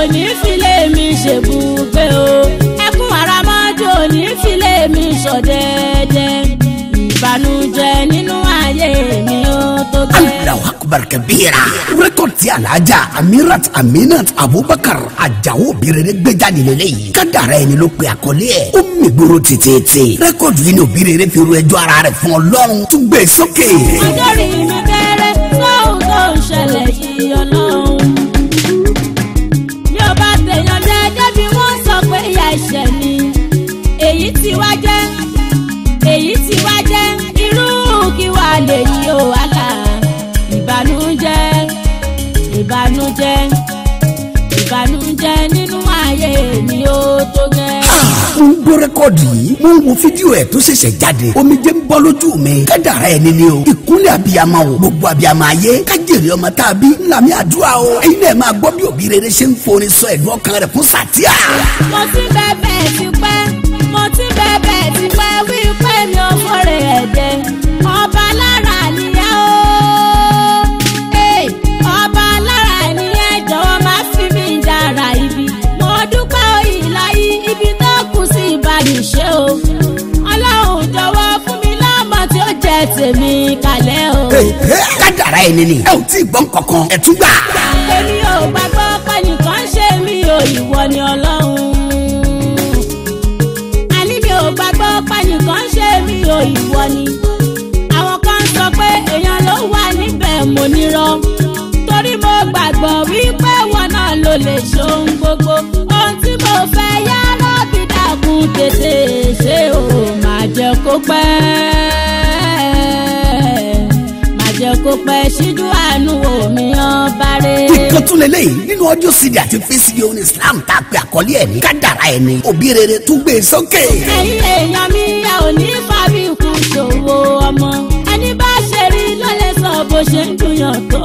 ò ní filé mi ṣèbùgbé o ẹkún àràmọ́jú ò filé mi ṣọ̀dẹ́dẹ́ ìbànújẹ́ nínú ayé mi ó tó gẹ́. aláwọ̀ akbar kabira rẹ́kọ̀dì tí alájà amirat aminat abubakar ajáwó obìnrin gbẹ́jáde lélẹ́yìí kádàrá ẹni ló pe àkọlé ẹ̀ ó mì gbòòrò tètè rẹ́kọ̀dì yìí ni obìnrin fi ru ẹjọ́ ara rẹ̀ fún ọlọ́run tún gbé e sókè. ọjọ́ rí inú kẹrẹ sóhun tó ń ṣẹlẹ̀ yìí ọlọ́run. ni ó tó gẹ́. mo ń gbọ́ rẹ́kọ̀dì yìí mo ń wo fídíò ẹ̀ tó ṣẹ̀ṣẹ̀ jáde omijé ń bọ́ lójú mi kádàrá ẹ̀ nílé o ìkúnlẹ̀ abiyamọ o gbogbo abiyamọ ayé kájèrè ọmọ tá a bí ńlámi àdúrà o ẹ̀yin náà máa gbọ́ bí òbí rere ṣe ń forin sọ ẹ̀dùn ọkàn rẹ̀ fún sàtíà. mo ti bẹ̀bẹ̀ ti pẹ́ mo ti bẹ̀bẹ̀ ti pẹ́ wípé mi ò fọ́rẹ̀ ẹ̀jẹ̀ ọba lára fẹ́ tèmi kalẹ̀ o. kádàrá ẹni ni ẹ ò tí ì gbọ́ nǹkankan ẹ tún gbà. èmi ò gbàgbọ́ pẹ́nìkan ṣe mí o ìwọ ni ọlọ́run. àní mi ò gbàgbọ́ pẹ́nìkan ṣe mí o ìwọ ni. àwọn kan sọ pé èèyàn ló wà níbẹ̀ mo nírọ́. torí mo gbàgbọ́ wípé wọn náà ló lè ṣe ohun gbogbo. ohun tí mo fẹ́ yá lọ́bì dàkún tètè ṣé o máa jẹ́ kó pẹ́. kò pẹ́ síjú àánú wò mí ọba rẹ̀. kíkan tún lélẹ́yìn nínú ọjọ́ sídi àti fésìdì oní Islam tá a pè àkọlé ẹ̀ ní kádàrá ẹ̀ ní òbí rere tún gbé e sókè. ẹ̀yin èèyàn mi a ò ní fàbí kù ṣòwò ọmọ ẹni bá ṣe rí ló sọ bó ṣe ń dùnyàn tó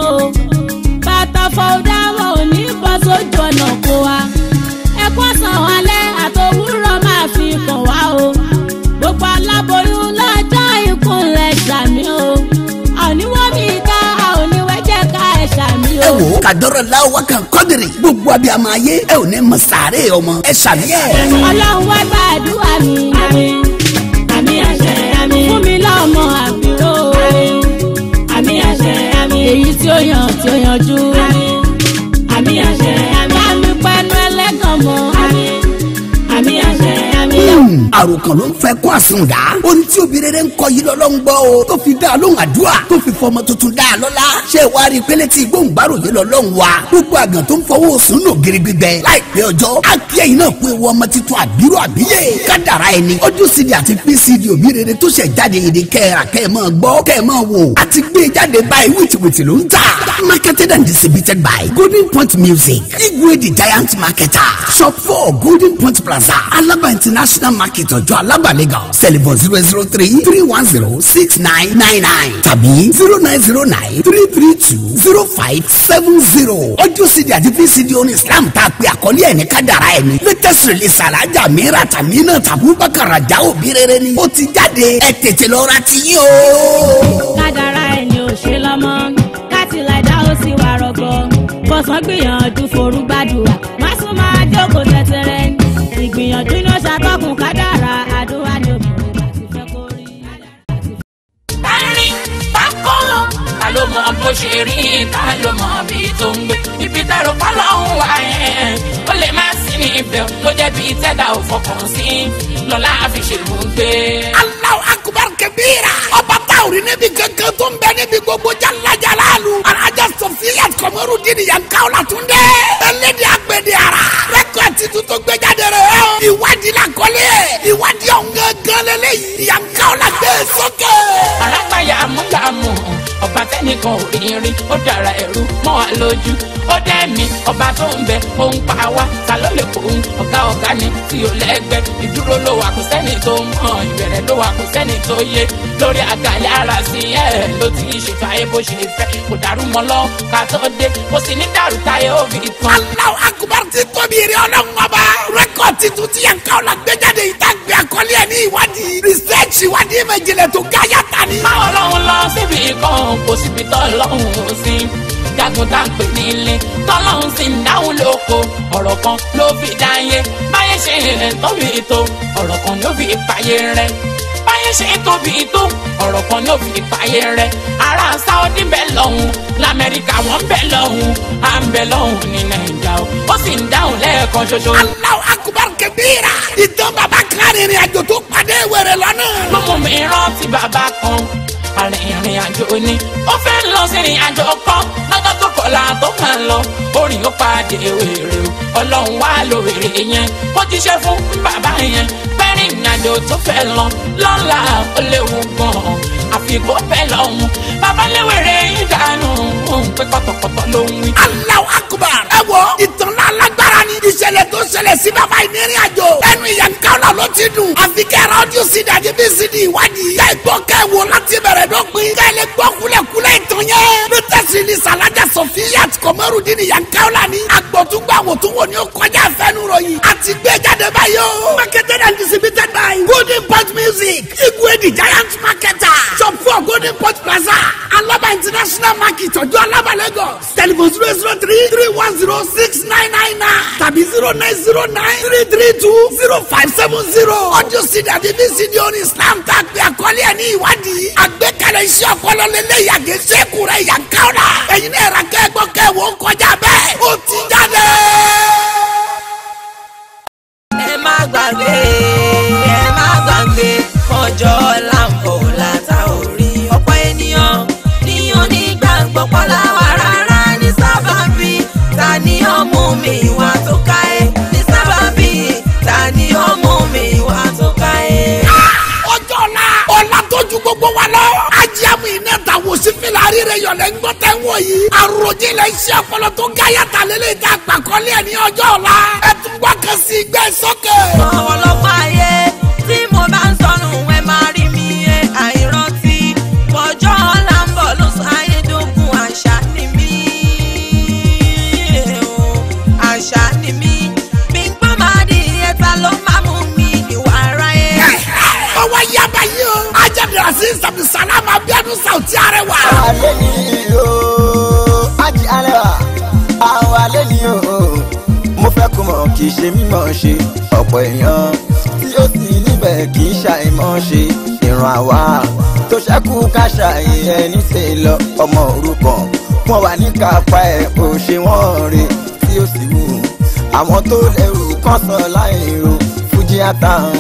bàtà fọwọ́dà wọn ò ní bọ́ sójú ọ̀nà kó wa ẹ̀kọ́ sàn wà àtàdọ́rọ̀ láwọ́ kan kọ́dìrì gbogbo abẹ́ àmọ́ ayé ẹ ò ní mọ sàárè ọmọ ẹ ṣàníyàn. ọlọ́run wá gba àdúrà mi àmì àṣẹ fún mi lọ́mọ àbúrò àmì àṣẹ èyí tí ó yàn tí ó yanjú àmì àṣẹ bá mi pẹnu ẹlẹ́gàn mọ́ àmì àṣẹ. Hmm, àròkàn ló ń fẹ́ kó àsùn dá ó ń tí òbí rere ń kọ yìí lọ́lọ́run gbọ́ o tó fi dá a lóhùn àdúrà tó fi fọmọ tuntun dá a lọ́lá ṣé wàá rí pélé tí ìgbóhùnbárò yìí lọ́lọ́run wa gbogbo àgàn tó ń fọwọ́ sùn nù gírí gbígbẹ láìpẹ́ ọjọ́ á kí ẹ̀yin náà pé wọ́n ọmọ titun àbírò àbíyè kádàrá ẹni ọdún cd àti pcd òbí rere tó ṣẹ̀ jáde èdè kẹ́ra kẹ́ e marketed and distributed by golden point music igwe the giant marketer shop four golden point plaza alaba international market ọjọ́ alaba legal. telephone zero zero three three one zero six nine nine nine tàbí zero nine zero nine three three two zero five seven zero ọjọ́ cd àti vcd orin islam tá a pè àkọlé ẹ̀ ní kádàrá ẹ̀ ní latest release alájà mìíràn tàmí náà tàbí bákàrà já òbí rere ni ó ti jáde ẹ tètè lọ ra ti yín o. kádàrá ẹ̀ ni ò ṣe lọ́mọ kátìlẹ̀dá ó sì wà rọ̀gbọ̀ fọ̀sán gbìyànjú forúgbàdùà má sún máa jókòó tẹ̀tẹ̀rẹ̀ ìgbìyànjú mọ bó ṣe rí ká ló mọ bí tó ń gbé ibi dárò pálọ̀ ń wá yẹn ó lè má sí ní ibẹ̀ ló jẹ́ bí tẹ́dà ò fọkàn sí lọ́la fi ṣèlú gbé. Allahu akbar kabira ọba táwọn rí níbi kankan tó ń bẹ níbi gbogbo jálajàlá lu alájà sọfíà kọmọrù dídì yankawo látúndé ẹlẹ́dìá gbẹ̀dẹ̀ ara rẹ́kọ̀tì tuntun gbẹjáde rẹ̀ ọ́ ìwádìí la kọ́lé ìwádìí ọ̀hún gángan lélẹ́yìí yankawo ọba tẹ́nìkan ò rí rí ó dára ẹ̀rú mọ́ wa lójú ó dẹ́mi ọba tó ń bẹ ó ń pa wá ta ló lè kó ń ọ̀gá ọ̀gá ni tí ò lẹ́gbẹ́ ìdúró ló wà kó sẹ́ni tó mọ̀ ìbẹ̀rẹ̀ ló wà kó sẹ́ni tó yé lórí àgàlẹ̀ ara sí ẹ̀ ló ti ṣètò ayé bó ṣe fẹ́ kò dàrú mọ́ lọ ká tó dé kò sì ní dàrú táyé ó fi tán. Allahu Akbar ti tóbi eré ọlọ́run ọba rẹ́kọ̀tì tún ti yàn káwọn lágbèjáde ìta gbé ní ìwádìí rìsẹ́ẹ̀tì ìwádìí ìmọ̀ ìjìnlẹ̀ tani. máa ọlọ́run lọ ọlọ́run kò síbi tọ́lọ́run ò sí jagun tá à ń pè nílé tọ́lọ́run sì ń dáhùn lóko ọ̀rọ̀ kan ló fi dáyé báyé ṣe rẹ̀ tóbi tó ọ̀rọ̀ kan ló fi fàyè rẹ̀ báyé ṣe tóbi tó ọ̀rọ̀ kan ló fi fàyè rẹ̀ ará Saudi ń bẹ lọ́hùn lamẹ́ríkà wọ́n ń bẹ lọ́hùn à ń bẹ lọ́hùn ní nàìjà o ó sì ń dáhùn lẹ́ẹ̀kan ṣoṣo. Allahu Akbar kẹbíra ìtàn bàbá kan rìnrìn àjò tó pàdé wẹrẹ lọ́nà. mọ́mọ́ mi rán ti bàbá kan arìnrìn àjò ni ó fẹ́ lọ sí ìrìn àjò ọkọ lọ́jọ́ tó kọ̀la tó kàn lọ orin ó pàdé wèrè o ọlọ́run wá lo wèrè yẹn ó ti ṣe fún bàbá yẹn pẹ́rìn ìrìnàjò tó fẹ́ lọ lọ́la ó léwu gan-an àfikún fẹ́ lọ́hùn bàbá léwèrè yín dànù pé kọ́tọ̀kọ́tọ̀ ló ń wí. Allahu Akbar ẹ wọ ìtàn náà lágbára ní ìṣẹ̀lẹ̀ tó ṣẹlẹ̀ sí bàbá ìnírin àjò ẹnu ìyànkáná ló ti dùn àfi kẹ́rọ ọdún sí dàdí bí sídi ìwádìí kẹ́ gbọ́ kẹ́ wò láti bẹ̀rẹ̀ dọ́pin kẹ́ lè gbọ́ kulẹ̀kulẹ̀ ìtàn yẹn lótẹ́sí ni sàlájà sọfíyàt kọmọrùdín ìyànkáná ni agbọ̀túgbà wò tó wò ní kọjá fẹ́nu ròyìn àti gbé jáde báyìí marketed and distributed by golden pot music igwe the giant marketer shop for golden pot plaza alaba international market ọjọ́ alaba telephone zero three three one zero six nine nine nine tàbí zero nine zero nine three three two zero five seven zero. ọjọ́ sídìí àti bí sídìí orin Islam tá a gbé àkọlé ẹ̀ ní ìwádìí. àgbékalẹ̀ iṣẹ́ ọpọlọ lélẹ̀ yàgé sẹ́kù rẹ̀ yà káwọn la. ẹ̀yin náà yẹra kẹ́kọ̀ọ́ kẹ́wọ́ kọjá bẹ́ẹ̀. ó ti jáde. ẹ má gbàgbé. sí filari rẹ yọ̀lẹ̀ ń gbọ́ tẹ́ ń wọ̀ yìí. àròjinlẹ̀ iṣẹ́ ọpọlọ tó gáyà ta lélẹ̀ tá a gbà kọ́lé ẹ̀ ẹ tún gbọ́ kan sí gbẹ́ sókè. ọ̀wọ́lọ́pàá ayé tí mo bá ń sọnù ẹ máa rí lè mímọ̀ ṣe ọ̀pọ̀ èèyàn tí ó sì níbẹ̀ kì í ṣàìmọ̀ ṣe ìran àwa tó ṣẹ́kù ká ṣàyè ẹni ṣe lọ ọmọ òrukàn wọn wà ní kápá ẹ̀ kò ṣe wọ́n rè tí ó sì wù àwọn tó lẹ́rù kan sọ láì fújì àtàwọn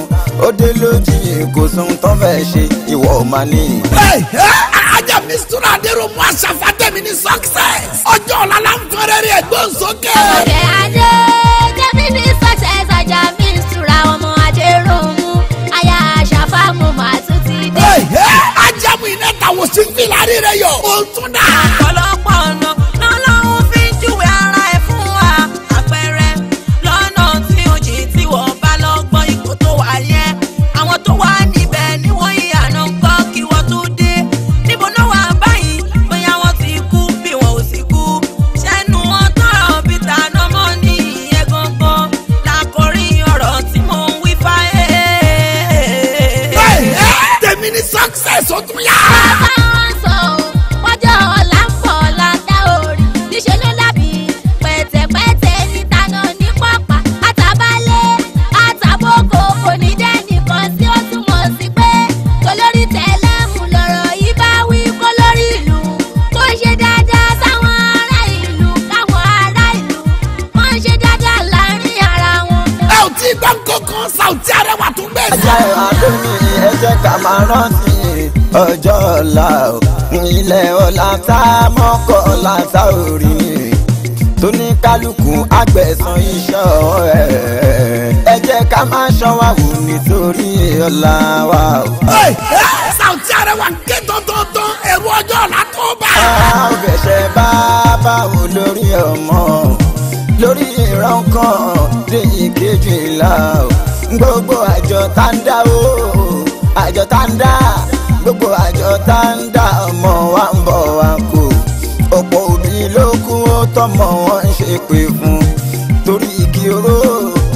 ó dé lójijì kò sóhun tó fẹ́ ṣe ìwọ ò máa ní. ajá mi sùúrù àdérò mú àṣàfàtẹ́mi ní success ọjọ́ ọ̀la láǹfọ̀rẹ́rì ẹ̀gbọ́n sókè. ọ̀rẹ́ ajé lérò mú aya àṣàfà mo máa tún ti dé. ajamu iná tàwọn sí fìlà rírẹ yọ. o tún dà. ọ̀pọ̀lọpọ̀ ọ̀nà. rántí ọjọ́ ọ̀la o ilẹ̀ ọ̀la tá a mọ́kọ̀ ọ̀la tá a rí tó ní kálukú agbẹ̀san iṣẹ́ ọwọ́ ẹ̀ ẹ jẹ́ ká máa ṣọ́wá wò nítorí ọ̀la wa o. Saoty Arewa ké tọ́tọ́tọ́ ẹ̀rù ọjọ́ ọ̀la tó bá. a fẹsẹ̀ bá báwo lórí ọmọ lórí ìran kan lè kejì o gbogbo àjọ tá ń dáwó o àjọ tá ń dá gbogbo àjọ tá ń dá ọmọ wa ń bọ̀ wá kú ọ̀pọ̀ òbí ló kú ó tọmọ wọn ń ṣe pé fún torí igi oró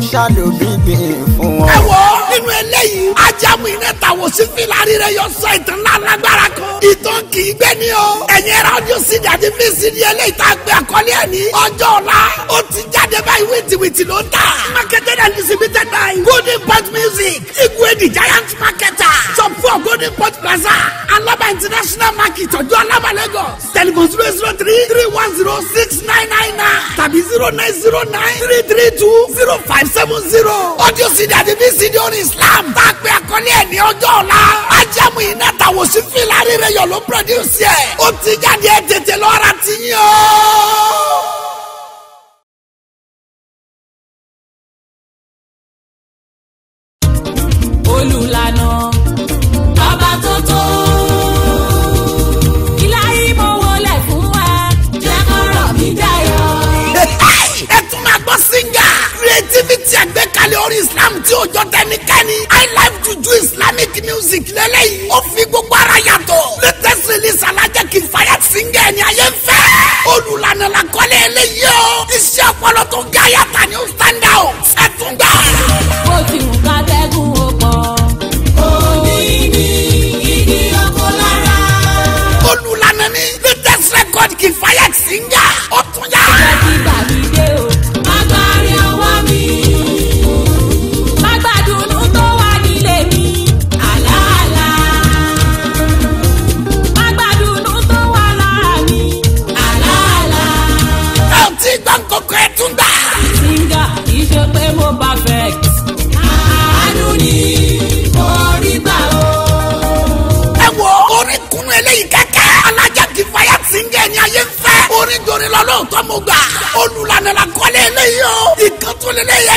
ṣàlùbí gbìn fún wọn. ẹ wọ nínú eléyìí jáàmù iná tàwọn sí fìlàrí rẹ yọ sọ ìtàn náà lágbára kan. ìtàn kì í gbé ní o. ẹ̀yin ẹ̀rọ ọdún sí jáde fèsì ní eléyìí tá a gbé àkọlé ẹ̀ ní. ọjọ́ ọ̀la ó ti jáde báyìí wìtìwìtì ló ń tà. marketed and distributed by golden pot music igwe the giant marketer shop four golden pot plaza alaba international market ọjọ́ alaba lagos telephone zero zero three three one zero six nine nine nine tàbí zero nine zero nine three three two zero five seven zero. ọdún CD, jáde fèsì ní orin islam tá a gbé àkọlé àkọlé ẹ̀ ní ọjọ́ ọ̀la. ajamu iná tàwọn sí fìlàrí rẹ̀ yọ̀ ló produce ẹ̀. ó ti jáde ẹ̀ tètè lọ́ra ti yín o. creativity àgbékalẹ̀ orí Islam tí ó jọ tẹnikẹ́ni nightlife juju islamic music lẹ́lẹ́yìí. ó fi gbogbo ara yàtọ̀. latest release alajẹ kì í fàyà síngẹ̀ ni a yẹ ń fẹ́. olùlànà la kọ́lé eléyìí o. iṣẹ́ ọpọlọ tó ga yàtọ̀ ni ó stand out. ẹ tún gbà. ó ti mú kátẹ́gùn ó pọ̀. ó ní ní igi ọkọ lára. olùlànà ni latest record kì í fàyà síngẹ̀. orin jòrè lọ́lọ́ tó mo gbà olùlànà la kọ́lé eléyìí o ìkàntúlélẹ́yẹ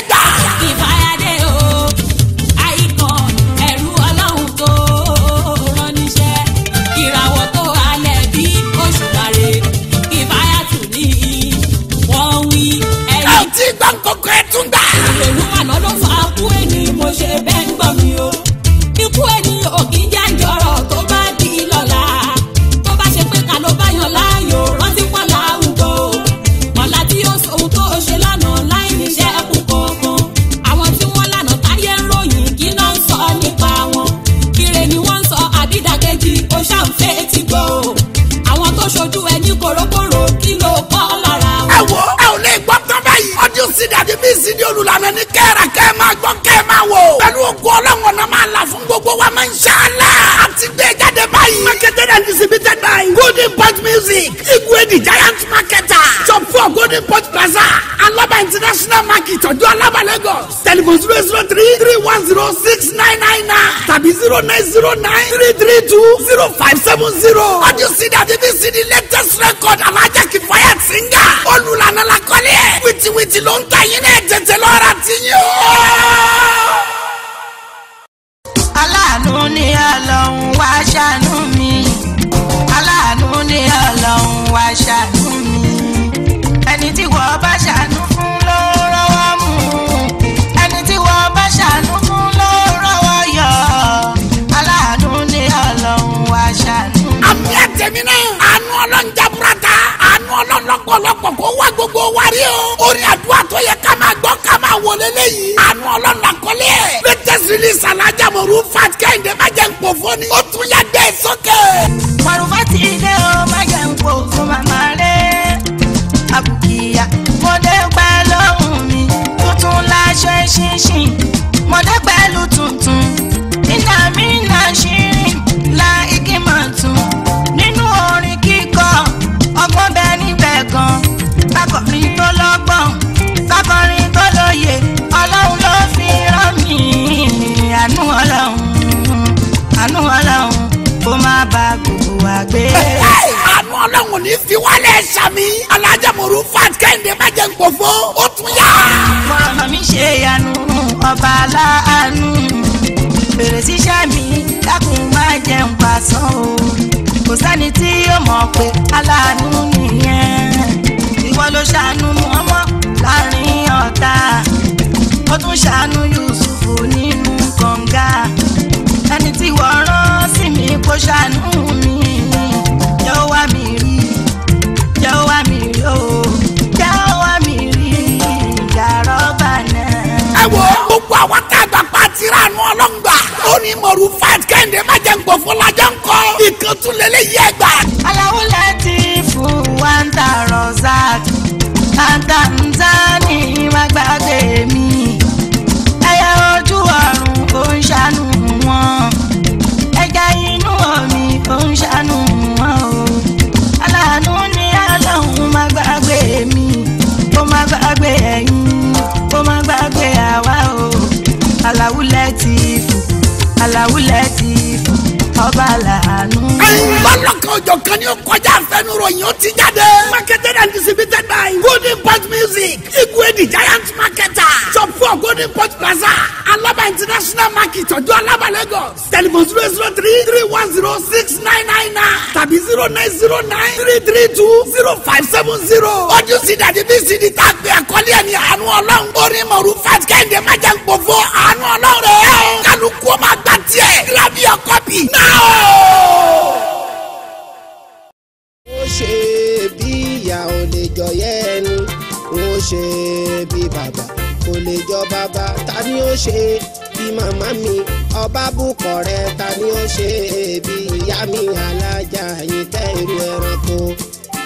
zero zero zero three three one zero six nine nine nine tàbí zero nine zero nine three three two zero five seven zero. audio cd àti vcd latest record alájà kìfáyà ti ń gà. olùlànà la kọ́lé ẹ̀. wìtìwìtì ló ń ta yín náà jẹjẹrẹ lọ́ra ti yín o. wo wari o. orin àdúrà tó yẹ ká máa gbọ́ ká máa wọlé léyìí. àánú ọlọ́run àkọlé ẹ̀. latest release alájà mọ̀rú fat kẹ́hìndé má jẹ́ nǹkó fún ni. ó tún yà dé sókè. mọ̀rùfà ti dé o má jẹ́ nǹkó fún màmá rẹ̀. àbùkìyà mo dé pẹ́ lóhùn mi. tuntun láṣọ ìṣinṣin. ìfiwọ́lẹ̀ sàmì alájàmọ̀rú fat kẹ́hìndé má jẹ́ nkòfó ó tún yá. màmá mi ṣe yanu ọba aláàánú bèrè síṣẹ́ mi dákun má jẹ́ n pàṣán o kò sẹ́ni tí yóò mọ̀ pé aláàánú nìyẹn ìwọ ló ṣàánú ọmọ láàrin ọ̀tá ó tún ṣàánú Yusuf nínú kànga ẹni tí wọ́n rán sí mi kó ṣàánú mi yóò wá mi rí wá mi lò ó já wá mi rí ìjà rọ́bà náà. ẹ wo gbogbo àwọn tá a gbà pa àtìrà àánú ọlọ́ngbà ó ní mọ̀rú fight kẹ́hìndé má jẹ́ nǹkan fún lajọ́ nǹkan ìkan tún lè yẹ gbà. aláwo láti fún wa ń ta rọ̀ zak àtàǹtà ní ìmàgbàgbé. àlàwulẹ̀ ti ọba làánú. lọ́lọ́kan òjò kan ni ó kọjá àfẹnuròyìn ó ti jáde. marketed and distributed by golden pot music igwe the giant marketer shop four golden pot plaza alaba international market ọjọ́ alaba lagos telephone zero zero three three one zero six nine nine nine tàbí zero nine zero nine three three two zero five seven zero. ojú sí dàdí bí sí ni tá a gbé àkọlé ẹ̀ ní àánú ọlọ́run orin mọ̀rú fat kẹ́hìndé májà ń pò fún àánú ọlọ́run rẹ̀ ẹ̀ o kálukú ọmọ àgbà tiẹ̀ gíràbì ọkọ̀ bì náà ó ṣe bí ìyá ò lè jọ yẹ ẹni ó ṣe bí bàbá kò lè jọ bàbá ta ni ó ṣe bí màmá mi ọba bùkọ̀ rẹ ta ni ó ṣe bí ìyá mi alájà yìí tẹ́ ìlú ẹranko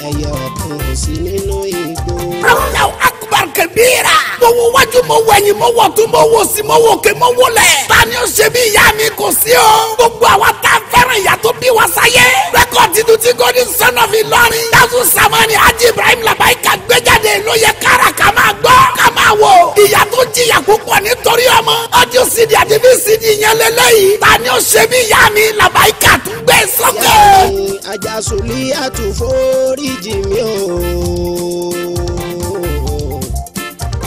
ẹyẹ ọ̀tún sí nínú igbó. Allahu akbar kabira. mo wo wájú mo wo ẹ̀yìn mo wo tún mo wo sí mo wo ké mo wo lẹ̀. ta ni ṣe bí ìyá mi kò sí o. gbogbo àwa tá a fẹ́ràn ìyá tó bí wa sáyé. rẹ́kọ̀dì tuntun golden son of Ìlọrin. dáhùn samani ajé Ibrahim labaika gbéjáde ló yẹ kára ká máa gbọ́ ká máa wo, ìyá tó jìyà púpọ̀ nítorí ọmọ. ọdún sídìí àti bí sídìí yẹn lélẹ́yìí. ta ni ṣe bí ìyá mi labaika tún alájà sùlí àtúforíjì mi o.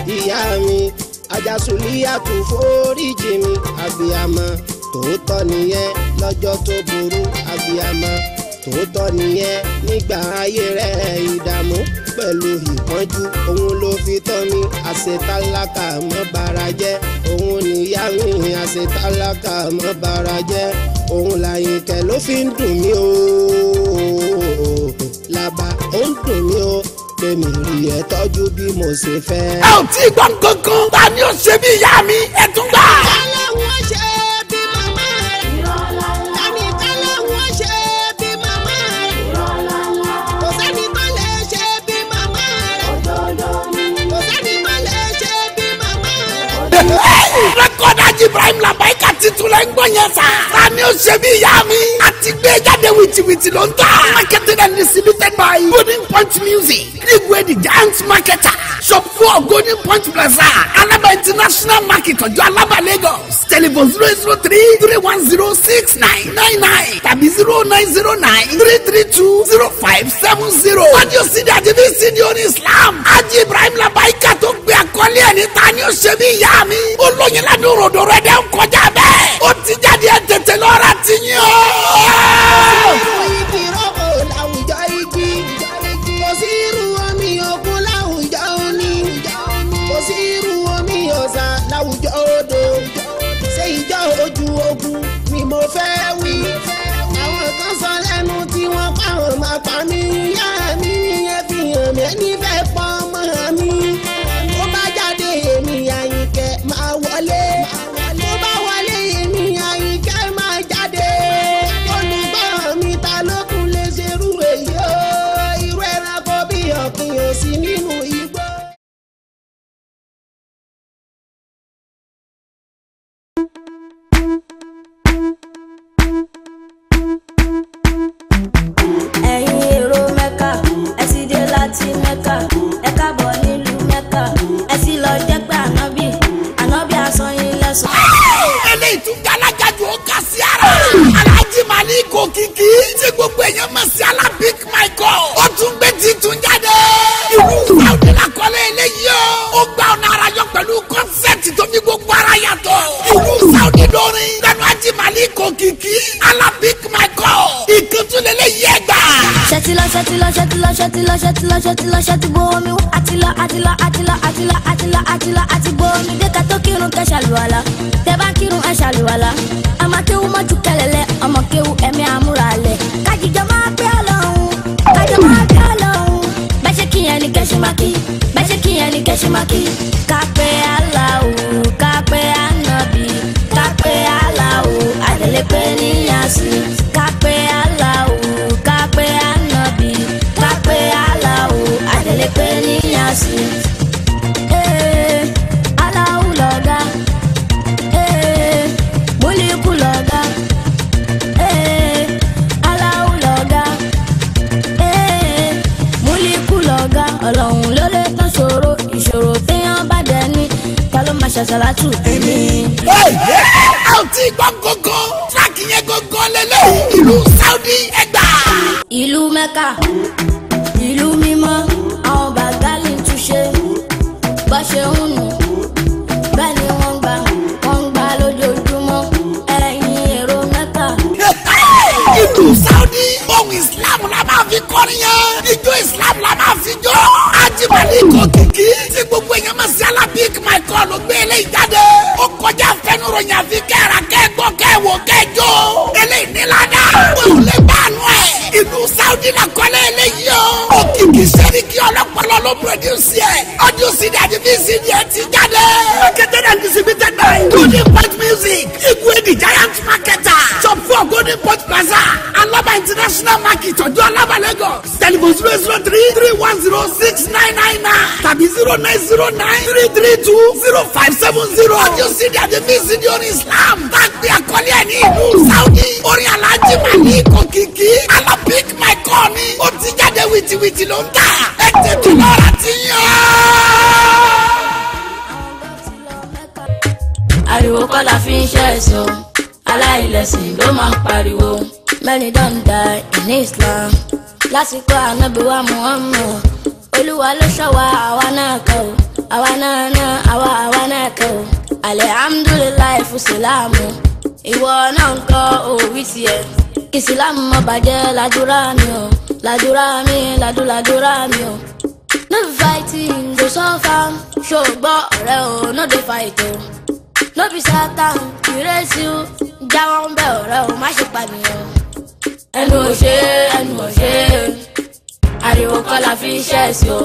ìyá mi àjàsùlí àtúforíjì mi àbíyamọ tòótọ́ nìyẹn lọ́jọ́ tó burú àbíyamọ tòótọ́ nìyẹn nígbà ayé rẹ̀ ìdààmú pẹ̀lú ìpọ́njú òun ló fi tọ́ mi àṣetálákà mọ́ bara jẹ́ òun nìyá mi àṣetálákà mọ́ bara jẹ́ òun làyìnkẹ́ ló fi ń dùn mí o ó ń dùn mí o tèmi rí ẹ tọ́jú bí mo ṣe fẹ́. ẹ ò tí ì gbọ́ kankan ta ni ó ṣe bí ìyá mi ẹ tún gbà. ọlọ́run ṣe bí màmá rẹ̀ tani ọlọ́run rẹ́kọ̀dà Ibrahim Labaye titun la ń gbọ́ yẹn sa. sani o ṣe bí ìyá mi. a ti gbé e jáde wìtìwìtì ló ń tà. marketed and distributed by golden punch music. Grigwe the giant marketer. shop four golden punch plaza. alaba international market ọjọ́ alaba lagos. telephone zero zero three three one zero six nine nine nine tàbí zero nine zero nine three three two zero five seven zero. audio cd àti vcd orin islam. aji ibrahim labaika tó gbé akọ́lé ẹ̀ níta ni ó ṣe bí ìyá mi. olóyin ládùn ròdòrò ẹ̀dẹ̀ ń kọjá bẹ́ẹ̀ ó ti jáde ẹ̀ tètè lọ́ra ti yín o. àti mẹ́ka ẹ̀ka bọ̀ ní. lọ́ṣẹ́ ti lọ́ṣẹ́ ti lọ́ṣẹ́ ti lọ́ṣẹ́ ti gbó omi wá. àti lọ àti lọ àti lọ àti lọ àti lọ àti lọ àti gbó omi dé ká tó kírun kẹ́ ṣàlùwàlà tẹ́ bá kírun ẹ̀ ṣàlùwàlà. àmàkéwu mọ́jú kẹlẹ̀lẹ̀ ọmọ kéwu ẹ̀mí àmúra alẹ̀ kájíjọ máa pé ọlọ́run kájọ máa pé ọlọ́run bẹ́ṣẹ́ kíyẹn ni kẹ́ṣ ní port plaza alaba international market ọjọ́ alaba lagos telephone zero zero three three one zero six nine nine nine tàbí zero nine zero nine three three two zero five seven zero. ọjọ́ sídìí àdébí sídìí orin islam bá gbé àkọlé ẹ̀ ní ìlú saudi orin alhaji mali kòkìkì alapik michael ni ó ti jáde wìtìwìtì ló ń tà ẹ tètè lọ́ra ti yàn. ariwo kọ́ la fi ń ṣe ẹ̀sọ́ aláìlẹ̀sìn ló máa ń pariwo. many don die in Islam lásìkò ànábì wa Muhammad olúwa ló ṣọwọ́ àwa náà kọ́ ọ́ àwa náà náà àwa àwa náà kọ́ ọ́ alihamudulilayi fusilamu ìwọ náà ń kọ́ òwì tiẹ̀ kìsìlámù má bàjẹ́ ládùúrà mi o ládùúrà mi ládùúládùúrà mi o no be fighting go suffer ṣùgbọ́n ọ̀rẹ́ o no dey fight o no be satan erase you jáwọ́ ń bẹ̀ ọ̀rẹ́ o má ṣe pànìyàn. ẹnu ò ṣe ẹnu ò ariwo kọ́ la fi ń ṣẹ̀sì o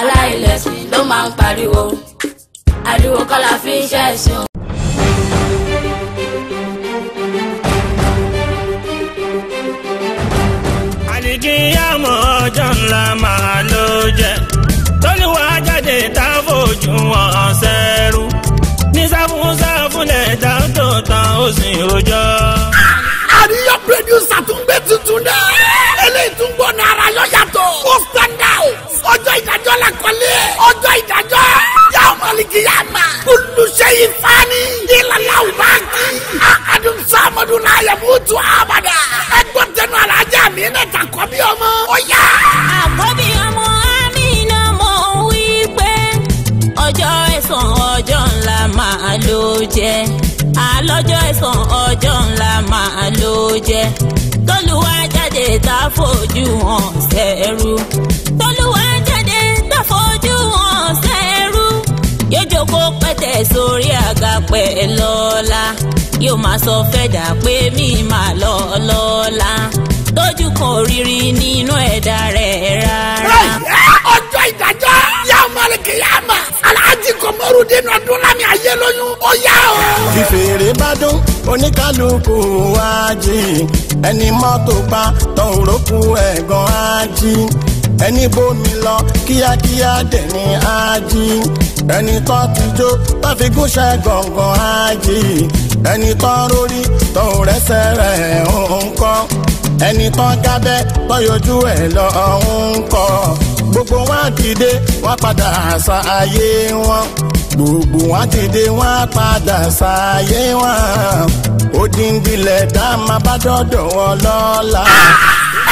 aláìlẹ̀sìn ló máa ń pariwo ariwo kọ́ la fi ń ṣẹ̀sì o. àdìgíyàmọ̀ ọjọ́ ńlá máa ló jẹ́ tóníwá jáde tá a fojú wọn ṣẹ́rú ní sáfún tán ó sì rojọ́. àríyọ́ pẹ̀lúsà tún gbé tuntun dẹ́. eléyìí tún gbọ́ ní ara yọ yàtọ̀. ó stand out. ọjọ́ ìdájọ́ la kọ́lé. ọjọ́ ìdájọ́. yàrá mọ̀lìkì yà má. olùṣe ìfani. ìlànà òbá kí. akadùn sàmọdù náà yẹ mú tu àbàdà. ẹgbọ́n tẹnu alájà mi ní takọ́ bí ọmọ. ó yá. àkọ́bí ọmọ àmì iná mọ̀ wí pé ọjọ́ ẹ̀sán ọjọ́ ńlá máa ló jẹ́ ọjọ́ ẹ̀san ọjọ́ ńlá máa ló jẹ́ tólúwa jáde tá a fojú hàn sẹ́rú tólúwa jáde tá a fojú hàn sẹ́rú yóò jókòó pẹ̀tẹ̀ sórí àga pẹ̀ lọ́la yóò máa sọ fẹ́dà pé mi máa lọ lọ́la tójú kan òrìrì nínú ẹ̀dá rẹ̀ rárá. Eh, ọjọ́ ìdájọ́ alikiyama alhaji kọmọrúdé nọdúnlami ayélóyún ó yá o. fífèrè bá dún oníkálukú wá jí ẹni mọ́tò pa tán òrókù ẹ̀gàn á jí ẹni bómi lọ kíákíá dẹ̀ ní ájí ẹni tó ti jó tó fi gúnṣẹ́ gọ̀ǹgàn ájí ẹni tó rórí tó rẹ́sẹ̀ rẹ̀ ń kọ́ ẹni tó gábẹ́ tó yọjú ẹ̀ lọ ń kọ́ gbogbo wọn dìde wọn padà sa ayé wọn gbogbo wọn dìde wọn padà sa ayé wọn odindilẹ̀ dá máa bá dọ́dọ̀ wọn lọ́la. Ah!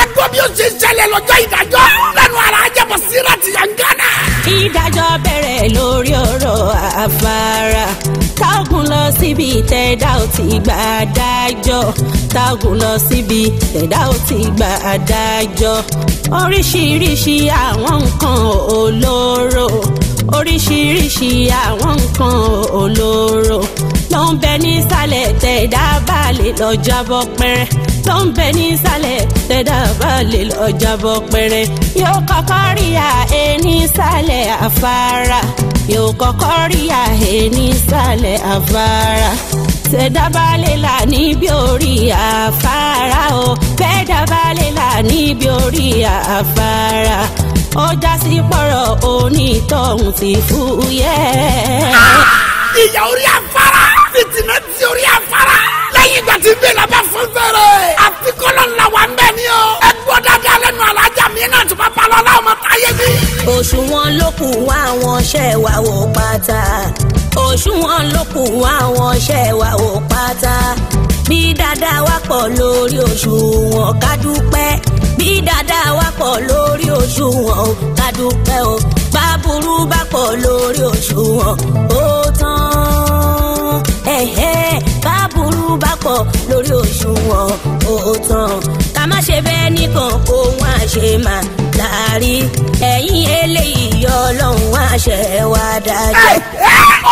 ẹ gbọ́ bí ó ṣe ṣẹlẹ̀ lọ́jọ́ ìdájọ́ lẹ́nu ara ajẹ́bọ̀ síra ti yàn gánà. ìdájọ́ bẹ̀rẹ̀ lórí ọ̀rọ̀ afárá tágùn lọ síbi tẹ̀dá ò ti gbà dájọ́ tágùn lọ síbi tẹ̀dá ò ti gbà dájọ́ oríṣiríṣi àwọn nǹkan olóró oríṣiríṣi àwọn nǹkan olóró ló ń bẹ nísàlẹ̀ tẹ̀dá balẹ̀ lọ jábọ́ pẹ́rẹ́ ló ń bẹ nísàlẹ̀ tẹ̀dá balẹ̀ lọ jábọ́ pẹ́rẹ́ yóò kọ́kọ́ rí à ẹ́ nísàlẹ̀ afárá yóò kọ́kọ́ rí àhẹ nísàlẹ̀ afárá ṣẹ̀dábàlẹ̀ là níbi orí afárá o fẹ́ẹ́dábàlẹ̀ là níbi orí afárá ó já sí pọ̀rọ̀ onítọ̀hún ti fúyẹ́. ìyá orí afárá fìtínà ti orí afárá lẹ́yìn ìgbà tí bẹ́ẹ̀ lọ́ba fún fẹ́rẹ̀ àfikún lọ́la wà ń bẹ̀ ni o ẹ gbọ́ dáadáa lẹ́nu alájà mi náà tó bá ọmọ táyé bí. òṣùwọ̀n ló kù wá àwọn ṣẹ́ wa wò pátá òṣùwọ̀n ló kù wá àwọn ṣẹ́ wa wò pátá bí dáadáa wá pọ̀ lórí òṣùwọ̀n ká bí dáadáa wá pọ̀ lórí òṣùwọ̀n ká o bá burú bá pọ̀ lórí òṣùwọ̀n ó tán pọ̀ lórí òṣùwọ̀n òótán ká má ṣe bẹ́ẹ̀ nìkan ohun àṣemà láàrí ẹ̀yìn eléyìí yọ ọlọ́run àṣẹ wa dájọ́.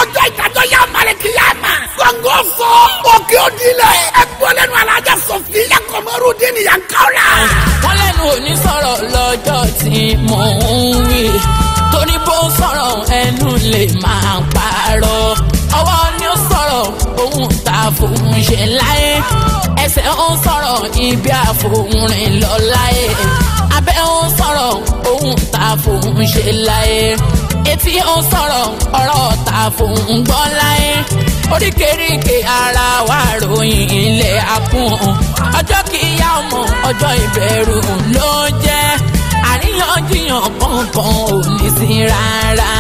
ọjọ́ ìdájọ́ yá malẹ̀kì yá mà. gbọ̀ngàn fọ òkè òdìlẹ̀. ẹ gbọ́ lẹ́nu alájà sọ̀fì yakọ̀mọ́rú dínì yà wọ́n lẹ́nu òní sọ̀rọ̀ lọ́jọ́ tí mò ń wí torí bó sọ̀rọ̀ ẹnu lè máa parọ́ ọwọ́ ohun tá a fohùn ṣe láyé ẹsẹ̀ ó ń sọ̀rọ̀ ibi àfohùn rìn lọ láyé abẹ́ ó ń sọ̀rọ̀ ohun tá a fohùn ṣe láyé etí ó ń sọ̀rọ̀ ọ̀rọ̀ tá a fohùn gbọ́ láyé oríkèéríkèé ara wa ròyìn ilẹ̀ akún ọjọ́ kìíyá ọmọ ọjọ́ ìbẹ̀rù ló jẹ́ àríyànjiyàn kankan ò ní sí rárá.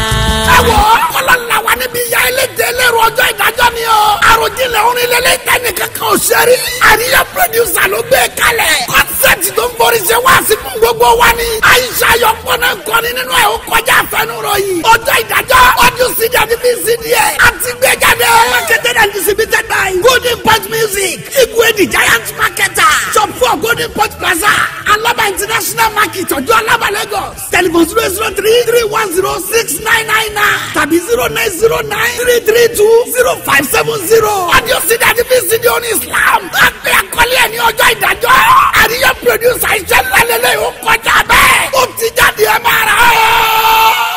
ẹ wọ ọlọ́lá wa níbi ìyá ilé délé ru ọjọ́ ìdájọ́ ni o. àròjinlẹ̀ orin lẹ́lẹ́ ta ni kankan ò sẹ́rí. àríyá pírọ̀dúsà ló gbé e kalẹ̀. kọ́nsẹ́tì tó ń borí ṣe wá sí fún gbogbo wa ni. àyíṣà yọ kọ́nà kọ́ni nínú ẹ̀ ó kọjá àfẹnurọ̀ yìí. ọjọ́ ìdájọ́ ọdún sídìí àti bíi sídìí ẹ̀. a ti gbé jáde. marketed and distributed by golden pot music. igwe di giant marketer. shop for golden pot plaza. alaba international market ọjọ́ alaba lagos. telephone zero zero three three one zero six nine nine nine tàbí zero nine zero nine three three two zero five seven zero. audio cd àti vcd on islam. a gbé akọ́lé ẹ̀ ní ọjọ́ ìdájọ́. àríyá producer iṣẹ́ ńlá lélẹ́yìn ó kọjá bẹ́ẹ̀. ó ti jáde ẹ̀ máa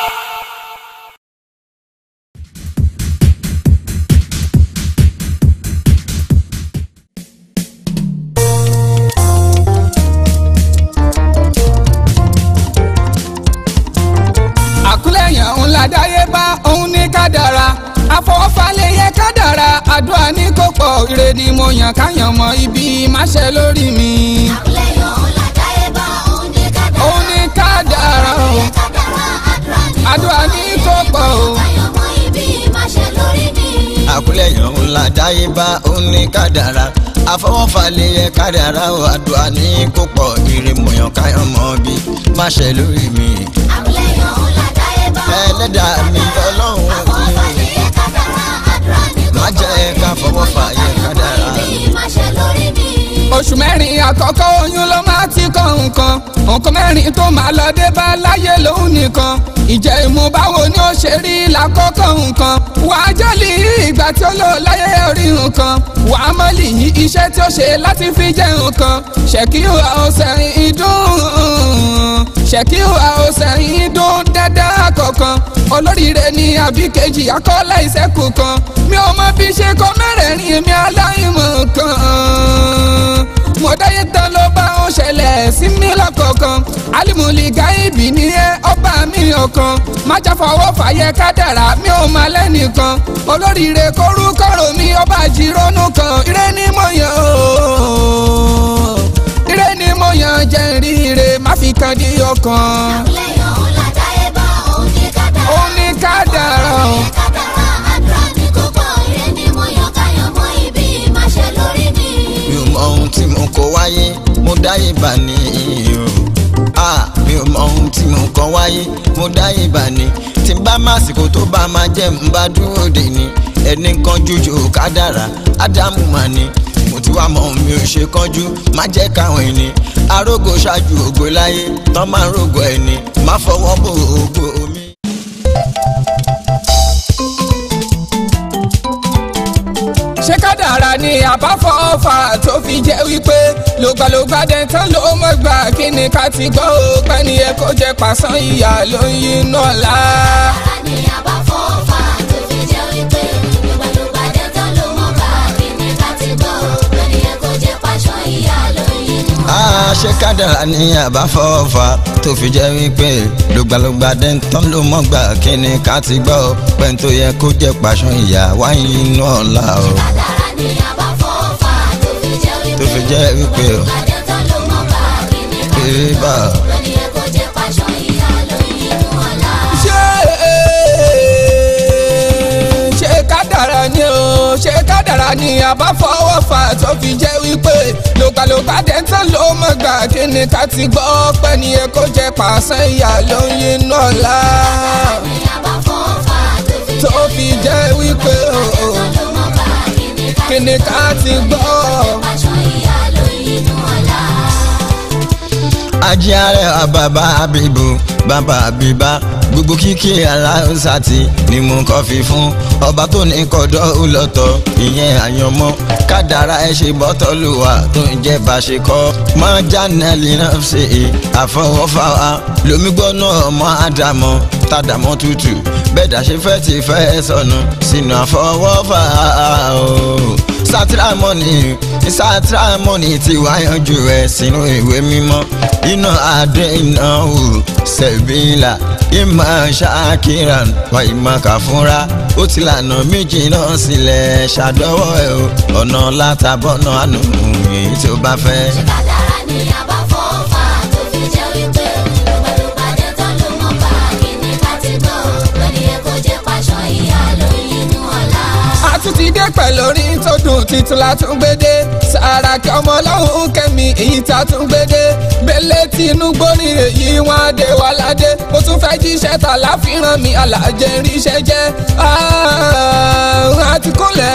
ire ni mo yàn káyàn mọ ibi máṣe lórí mi. àkúlẹ̀ yọ̀ ọ́n làjáyé bá òun ní kádàrá. òun ní kádàrá o. àdúrà ní kó pọ̀ o. káyàn mọ ibi máṣe lórí mi. àkúlẹ̀ yọ̀ ọ́n kádàrá. àfọwọ́fàlẹ̀ yẹ kádàrá o. àdúrà ní kó pọ̀ ire mo yàn káyàn mọ ibi máṣe lórí mi. àkúlẹ̀ yọ̀ ọ́n làjáyé bá kádàrá. ẹlẹ́dàá mi ọlọ́run má jẹ́ ẹ̀ka fọwọ́ fà yẹ ká dára. oṣù mẹ́rin àkọ́kọ́ oyún ló máa ti kọ́ nǹkan nǹkan mẹ́rin tó máa lọ dé bá láyé lòun nìkan ìjẹ́ ìmúbá wo ni ó ṣe rí lákòókò nǹkan wà á jẹ́lì ìgbà tí ó lò láyé orí nǹkan wà á mọ̀lì yí iṣẹ́ tí ó ṣe láti fi jẹ́ nǹkan ṣèkíù àwòsàn ìdún ṣèkíù àwòsàn ìdún dáadáa kọ̀ọ̀kan olóríire ni àbí kejì akọ́lẹ̀ ìṣẹ́kù kan mi ò mọ bí ṣe kọ́ mẹ́rẹ̀ẹ̀rin mi aláìmọ̀ kan mo dá ìtàn ló bá ń ṣẹlẹ̀ sí mi lọ́kọ̀ọ̀kan alimuli gaibi ni ẹ ọba mi ọ̀kan májà fọwọ́ fàyẹ kádàrá mi ò má lẹ́nìkan olóríire kórúkọ̀rọ̀ mi ọba jìrónú kan ire ni mo yàn ó ire ni mo yàn jẹ́ ríire má fi kan di ọkàn. àbúlé yàn ó làjà ẹ bá òun ní kádàrá. òun ní kádàrá. mọ ohun tí mo kọ wáyé mo dáyé bà ní o a mi ò mọ ohun tí mo kọ wáyé mo dáyé bà ní tí n bá màsìkò tó bá máa jẹ́ n bá dúró dè ní ẹni kan jújù kádàrá ádámù mà ní mo ti wá mọ mi ò ṣe kánjú má jẹ́ káwọn ẹni arógo ṣáájú ògo láyé tán máa ń rògo ẹni má fọwọ́ bò ó bò ṣé kádàrá ni àbáfọ́ fà tó fi jẹ́ wípé lògbàlògbà dẹ̀ntán ló mọ̀ gbà kí ni ká ti gbọ́ ó pẹ́ jẹ pàṣán ìyá lóyún náà lá. kádàrá ni àbáfọ́ àṣẹ kádàrá ní àbáfọ́fà tó fi jẹ́ wípé lùgbàlùgbà dẹ́ntàn ló mọ̀gbà kíni ká ti gbọ́ pẹ́ńtó yẹ kó jẹ́ pàṣán ìyá wáyé inú ọ̀la o. kádàrá ní àbáfọ́fà tó fi jẹ́ wípé lùgbàlùgbà ṣé ṣé kádàrá ni o ṣé kádàrá ni àbáfọ́wọ́fà tó fi jẹ́ wípé ìtàlẹ̀ òbá dẹ́ntàn ló mọ̀ gbà kí ni ká ti gbọ́ pẹ́ ni ẹ kó jẹ pàṣẹ ìyá ló ń yín náà lá. tó fi jẹ́ wípé o kí ni ká ti gbọ́. ajé ààrẹ àbàbà àbíbò bàbá àbíbá gbogbo kíkí aláǹsà ti ni mo kàn fi fún ọba tó ní kọdọ ọlọtọ ìyẹn àyànmọ́ kádàrá ẹ ṣe bọtọ lùwà tó ń jẹ bàṣẹ kọ mọ jánẹlì náà ṣe é àfọwọ́fà wa lomi gbọ́nà ọmọ àdàmọ́ tàdàmọ́ tútù bẹ́ẹ̀ dàṣẹ fẹ́ ti fẹ́ sọnù sínú àfọwọ́fà o sátìrámọ́ ni sátírà mọ́ni ti wá yanjú ẹ̀ sínú ìwé mímọ́ iná adé iná o sẹ̀bílà ìmọ̀ ṣáàkìrà wà ìmọ̀ kàfúnra ó ti lànà méjì náà sílẹ̀ ṣàdọ́wọ́ ẹ̀ o ọ̀nà látàbọ̀nà ànú èyí tó bá fẹ́. ṣe bá ti dé pẹ̀lú orin tó dùn tuntun látúngbédé Sàràkí ọmọ ọlọ́run kẹ́mi èyí tá túngbédé bẹ́lẹ̀ Tinubu ni èyí wọn á dé wá ládé mo tún fẹ́ jíṣẹ́ tà láfihàn mi àlàjẹ ríṣẹ́ jẹ́ ah, àtikúnlẹ̀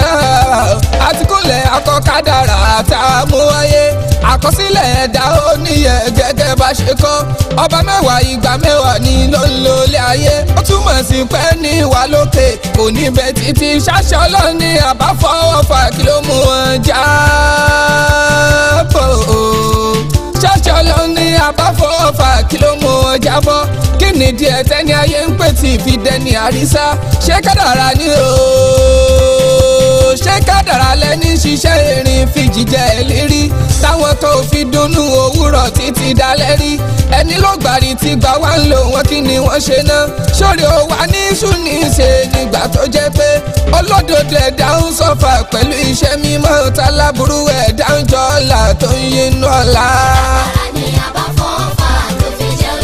àtikúnlẹ̀ akọ́kádàrà tá a mú wáyé àkọsílẹ̀ ẹ̀dá ó níyẹn gẹ́gẹ́ bá ṣe kọ́ ọba mẹ́wàá ìgbà mẹ́wàá ni ló ń lò lé ayé ó túmọ̀ sí pé ní wà lókè kò ní bẹ títí ṣáṣọ́ lọ́ní àbá fọwọ́ fà kí ló mú wọn já bọ̀ o ṣọ́ọ̀ṣì ọlọ́run ní àbá fọwọ́ fà kí ló mú wọn já bọ̀ kí nìdí ẹ̀tẹ́ ní ayé ń pè tí ìfidẹ́ni àrísá ṣé kádàrá ni o pé kádàrá lẹ́ni ṣiṣẹ́ erin fi jíjẹ eléré táwọn tó fi dunnú òwúrọ̀ títí dalẹ́ rí ẹni ló gbàrí tí gbà wá ń lò wọ́n kí ni wọ́n ṣe ná sórí ó wà ní sùnì ṣe nígbà tó jẹ́ pé olódodo ẹ̀dá ń sọ̀fà pẹ̀lú iṣẹ́ mímọ́ tálábùrú ẹ̀dá ń jọ ọ̀la tó ń yinú ọ̀la.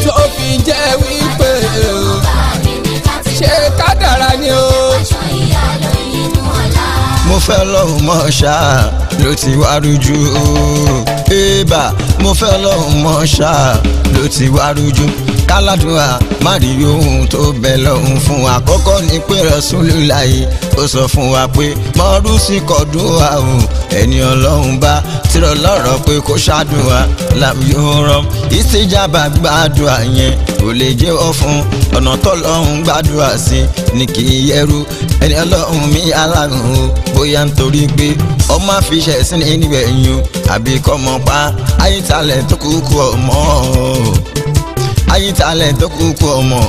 tó fi jẹ́ wípé ṣé kádàrá ni o mo fẹ́ lọ́hùn mọ́ ṣáà ló ti wá rújú o ébà mo fẹ́ ọlọ́run mọ́ ṣá ló ti wá rújú káládùá má rí ohun tó bẹ lọ́hùn fún wa kọ́kọ́ ní pé Rasulullahi ó sọ fún wa pé mọ́rú sí kọ́dúnwá o ẹni ọlọ́run bá tirọ̀ lọ́rọ̀ pé kó ṣàdùá làwùjọ rọ ìṣèjàmbá gbàdúrà yẹn kò lè jẹ́wọ́ fún ọ̀nà tọ́lọ́hún gbàdúrà sí ni kì í yẹrù ẹni ọlọ́run mi aláàrùn o bóyá nítorí pé ọmọ àfiṣẹ́ ẹ̀sìn ẹ̀nìwẹ̀ ẹ̀yìn àbí kọ́ mọ pa ayítalẹ̀ tó kú kú ọmọ ayítalẹ̀ tó kú kú ọmọ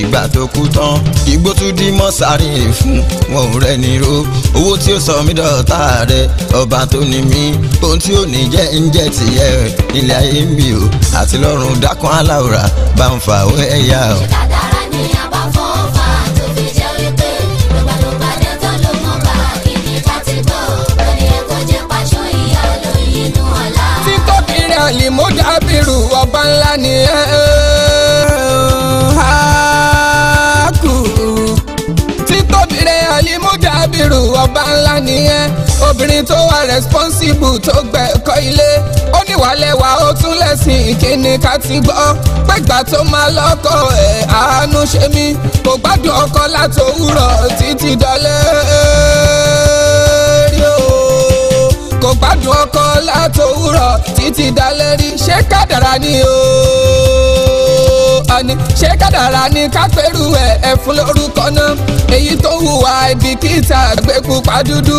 ìgbà tó kú tán igbó tún dí mọ́sárì fún wọn ò rẹ̀ níró owó tí ó sọ mí dọ̀tá rẹ ọba tó ní mí ohun tí ò ní jẹ́ ń jẹ́ tìyẹ ilé ayé ń bì ó àti lọ́run dákun aláwòrán bá ń fà ẹ̀yà ó. ṣé kàdára ni a bá fọ́ fà. bàbá ńlá nìyẹn obìnrin tó wà responsible tó gbẹ̀kọ́ ilé ó níwà lẹ́wà ó tún lẹ́sìn ìkíni ká ti gbọ́ pẹ́gbà tó máa lọ́kọ ẹ̀ àánú ṣe mí kò gbádùn ọkọ látòwúrọ̀ títí dọ̀lẹ́ rí o kò gbádùn ọkọ látòwúrọ̀ títí dọ̀lẹ́ rí ṣé kádàrá ni o ọba ni ṣé kádàrá ni kápẹ́rù ẹ̀ ẹ̀ fún lórúkọ náà èyí tó hùwà ìbìkítà gbẹ́pupa dúdú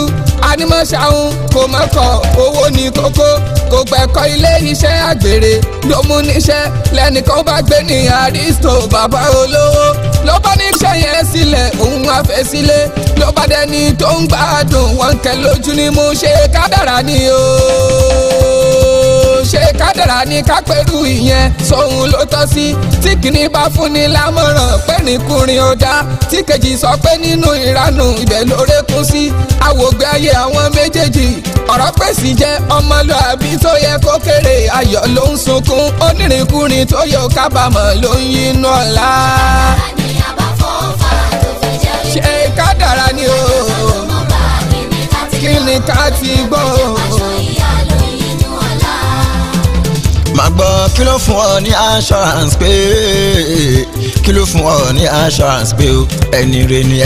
anímọ̀ṣáhùn kò mọ́kọ̀ owó ni kókó kò gbẹ̀kọ́ ilé iṣẹ́ àgbèrè ló mú níṣẹ́ lẹ́nìkan bá gbé ní àrísítò bàbá olówó ló bá níṣẹ́ yẹn sílẹ̀ òun àfẹ́ sílé ló bá dẹni tó ń gbádùn wọn kẹ lójú ni mo ṣe kádàrá ni o ṣe kádàrá ni kápẹ́rù ìyẹn sóhun ló tọ́ sí tí kìíní bá fún ni lámọ̀ràn pé nìkùnrin ó dá tí kejì sọ pé nínú ìranù ibẹ̀ lóore kún sí àwògbé ayé àwọn méjèèjì ọ̀rọ̀ pèsè jẹ́ ọmọlúàbí tó yẹ kó kéré ayọ̀ ló ń sunkún onírìnkùnrin tó yọ kábàámọ̀ ló ń yínú ọ̀la. ṣe kádàrá ni o kí ni ká ti gbọ́ o. máa gbọ́ kí ló fún ọ ní assurance pé kí ló fún ọ ní insurance pé o ẹni rẹ ni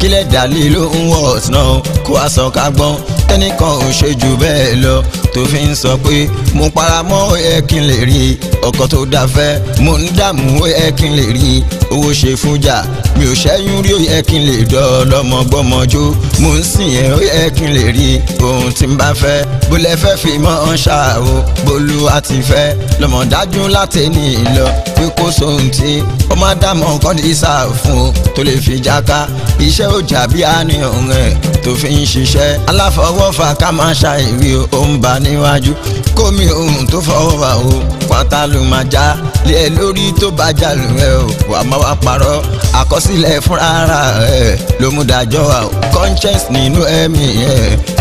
kí lẹ dàlí ló ń wọ ọ̀sán o kó a sàn ká gbọ́n tẹ́nìkan ò ṣe jù bẹ́ẹ̀ lọ tó fi ń sọ pé mo para mọ́ ó yẹ kí n lè rí ọkọ tó dáa fẹ́ mo ń dààmú ó yẹ kí n lè rí owó ṣe fún jà mi ò ṣẹ́yún rí ó yẹ kí n lè dọ́ lọ́mọ gbọ́mọjú mo ń sìn yẹn ó kí n lè rí ohun tí n bá fẹ́ bólẹ̀ fẹ́ fi mọ́ ọ́n ṣàwò bólú àti fẹ́ lọ́mọ láti ní ìlọ pé kó sóhun tí ọmọ dámọ̀ kọ́ ní sáà fún o tó lè fi jáká iṣẹ́ òjà bí a ní òun ẹ̀ tó fi ń ṣiṣẹ́ aláfọwọ́fà ká máa ṣàìrí o ń bá níwájú kómi ohun tó fọwọ́ wà o pátá ló máa já lé ẹ e lórí tó bá já lù ẹ o wà má wá parọ́ àkọsílẹ̀ fúnra ẹ ló mú dájọ́ wa o conscience nínú ẹ̀mí ẹ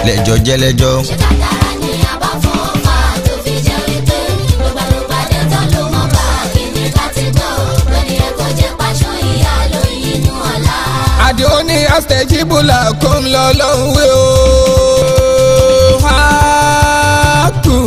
lẹ́jọ́ jẹ́lẹ́jọ́. ṣé dáadáa ni a bá fọ́. astajibu lakum lọ́lọ́run wí o hákù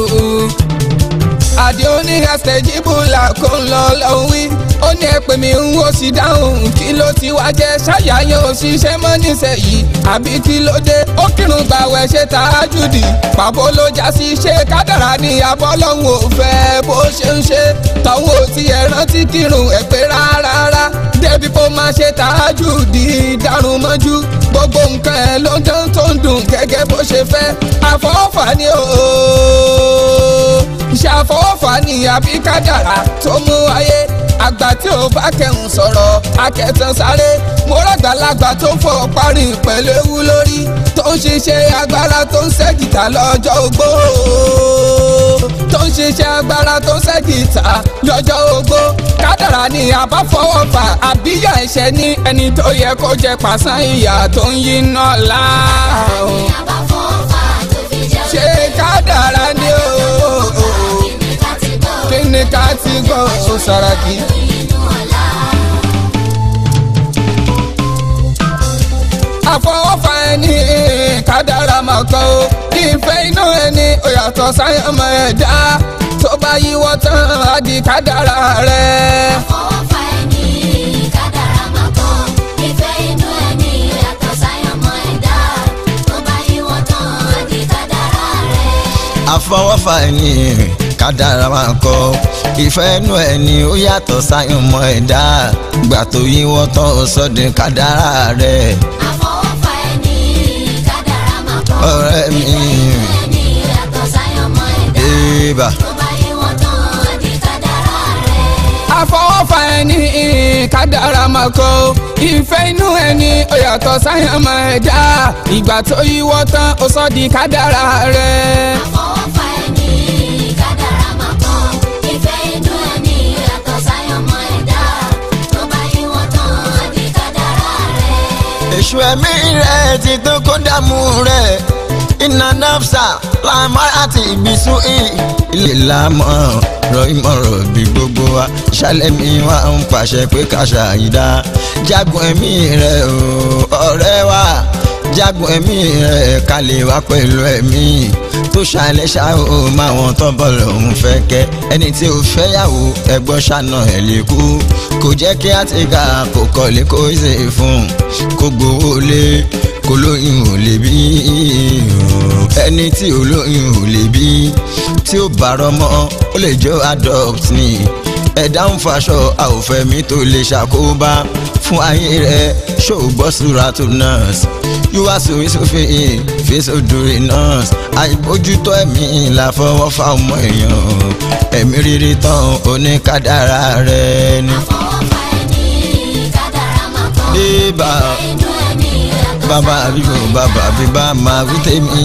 àdéhùn ní astajibu lakum lọ́lọ́run wí ó ní ẹ pè mí ń ó sì dáhùn kí ló ti wá jẹ́ ṣáyàyàn òṣìṣẹ́ mọ́ nísẹ̀yìí àbí kí ló dé ó kírun gbàwẹ̀ ṣe tààjùdì pàbó ló já sí ṣe kádàrá ní abọ́lọ́hún ò fẹ́ bó ṣe ń ṣe tọ́hún ò ti ẹ̀ rántí kírun ẹ̀ pé rárá débi kó máa ṣe tààjùdì dárun mọ́jú gbogbo nǹkan ẹ̀ ló dán tó ń dùn gẹ́gẹ́ bó ṣe fẹ́ àfọ́fà ni òó ṣàfọ́fà ni àbí kádàrá tó mú ayé àgbà tí ò bá kẹhùn sọ̀rọ̀ akẹ́tàn sáré mo ràgbàlagbà tó ń fọ parí pẹ̀lú ewu lórí tó ń ṣiṣẹ́ agbára tó ń ṣẹ́gìtà lọ́jọ́ ogbó tó ń ṣiṣẹ́ agbára tó ń ṣẹ́gìtà lọ́jọ́ ogbó kádàrá ni àbá fọwọ́ fà àbíyá ẹ̀ṣẹ̀ ní ẹni tó yẹ kó jẹ pàṣán ìyá tó ń yí náà láàrún ṣe kádàrá ni o. Sàràkí ní ká ti gbọ́ o Sàràkí. àfọwọ́fà ẹni kádàrà máa kọ́ o kí n fẹ́ inú ẹni ó yàtọ̀ ẹ̀dá tó bá yíwọ́ tán á di kádàrà rẹ̀. àfọwọ́fà ẹni kádàrà máa kọ́ kí n fẹ́ inú ẹni ó yàtọ̀ ẹ̀dá tó bá yíwọ́ tán á di kádàrà rẹ̀. àfọwọ́fà ẹni kádàrá máa kọ ìfẹ́ inú ẹni ó yàtọ̀ sáyẹn mọ́ ẹ̀dá gbà tó yí wọ́n tán ó sọ́dí kádàrá rẹ̀. àfọwọ́fà ẹni kádàrá máa kọ ọ̀rẹ́ mi ẹni yàtọ̀ sáyẹn mọ́ ẹ̀dá tó bá yí wọ́n tán ó di kádàrá rẹ̀. àfọwọ́fà ẹni kádàrá máa kọ ìfẹ́ inú ẹni ó yàtọ̀ sáyẹn mọ́ ẹ̀dá ìgbà tó yí wọ́n tán ó sọ́dí kádàrá rẹ̀. àfọwọ́fà èṣù ẹ̀mí rẹ̀ ti tó kó dààmú rẹ̀ iná nafsa lámọ́ àti ìbísú ilé lámọ́ rọ ìmọ̀ràn bí gbogbo wa ṣálẹ̀mí wa ń pàṣẹ pé ká ṣàyídá jagun ẹ̀mí rẹ̀ ọ̀rẹ́ wa jagun ẹ̀mí rẹ̀ ká lè wá pẹ̀lú ẹ̀mí tó ṣàlẹ̀ ṣá o máa wọn tán bọ̀ lòun fẹ́ kẹ́ ẹni tí ó fẹ́ yàwó ẹ̀gbọ́n ṣàna ẹ̀ lè kú kò jẹ́ kí á ti ga kò kọ̀lé kó ṣe fún kó gbowó lé kó lóyún ò lè bí ẹni tí ó ò lè bí tí ó bá rọmọ ó lè jọ adopt ni ẹ̀dá ń faṣọ àwòfẹ́mi tó lè ṣàkóbá fún ayé rẹ̀ ṣògbọ́ suratu nas yíwá sòrí sófin in fèsò dùrì nas àìbójútó ẹ̀mí là fọwọ́ fa ọmọ èèyàn ẹ̀mí rírí tán oníkádàrá rẹ̀ ni. àfọwọ́fà ẹ̀mí kádàrá máa kọ́ ẹ̀mí ẹ̀dùn ẹ̀mí bàbá àbíbò bàbá àbíbá máa wí tèmi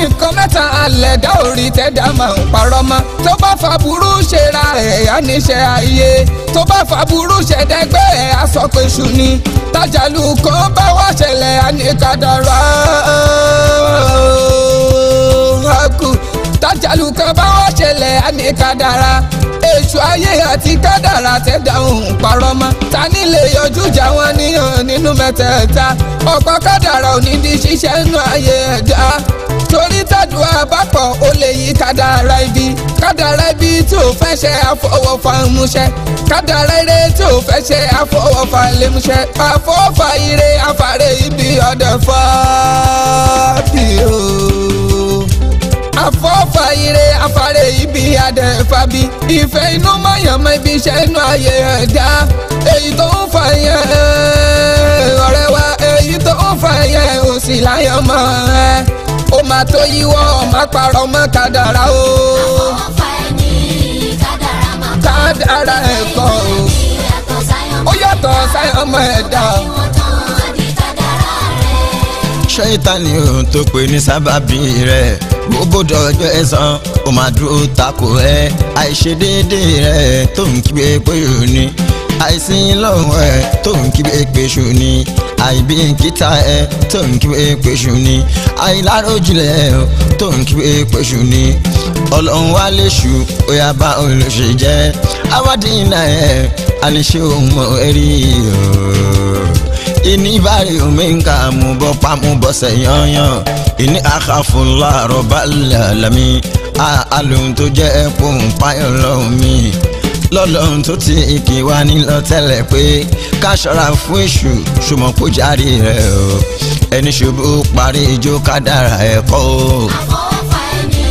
nǹkan mẹ́ta alẹ̀ dá orí tẹ́dá máa ń parọ́ mọ́ tó bá faburú ṣera ẹ̀ á níṣẹ́ ayé tó bá faburú ṣẹ̀dẹ́gbẹ́ ẹ̀ á sọ pé ṣù ni tájàlú kan bá wá ṣẹlẹ̀ á ní kádàrá ọ̀hún tájàlú kan bá wá ṣẹlẹ̀ á ní èṣù ayé àti kádàrà tẹ dáhùn parọ́ ta ni lè yọjú jà wọ́n níyàn nínú mẹ́tẹ̀ẹ̀ta ọ̀pọ̀ kádàrà ò ní di ṣiṣẹ́ nù ayé ẹ̀dá torí tàdúrà bá pọ̀ ó lè yí kádàrá ibi kádàrá ibi tí ò fẹ́ ṣe àfọwọ́fà ń múṣẹ kádàrá ire tí ò fẹ́ ṣe àfọwọ́fà lè múṣẹ àfọwọ́fà ire àfàrẹ́ ibi ọ̀dọ̀ fọ́ọ̀bì o àfọwọ́fà ire àfàrẹ́ ibi adẹ̀ fàbí ìfẹ́ inú mọ̀yànmọ́ ibi iṣẹ́ inú ayé ẹ̀dá èyí tó ń fà yẹn ọ̀rẹ́ wa èyí tó ń fà yẹn òsì láyọ̀ mọ́ ẹ ó máa tó yíwọ́ ọ̀má parọ́ mọ́ kádàrá o. àfọwọ́fà ẹni kádàrá máa kọ́. kádàrá ẹ̀ kọ́ o. ó yàtọ̀ sáyọ̀ ọmọ ẹ̀dá o ṣẹ́yìntàní ohun tó pe ní sábàbí rẹ̀ bó bòdò ọjọ́ ẹ̀sán ó máa dúró takò ẹ́ àìṣedéédéé rẹ̀ tó ń kígbe pé òní àìsí lọ́wọ́ ẹ tó ń kí èpèṣù ni àìbìkítà ẹ tó ń kí èpèṣù ni àìláròjìnlẹ̀ ẹ tó ń kí èpèṣù ni ọlọ́run wá léṣu ó yá bá olóṣè jẹ́ awádìínà ẹ àníṣe òun mọ̀ ẹ́rí ooo ini bari omenka mu bọ pa mu bọ sẹ yanyan ini akafula rọba lalami a alun tó jẹ ẹkún payọ lọhùn mi lọ́lọ́run tó ti ìkì wá nílọ tẹ́lẹ̀ pé ká ṣọ́ra fún èṣù ṣùgbọ́n kó járe rẹ̀ o ẹni ṣubú parí ijó kádàrá ẹ̀ kọ́ o. àkọ́fà ẹni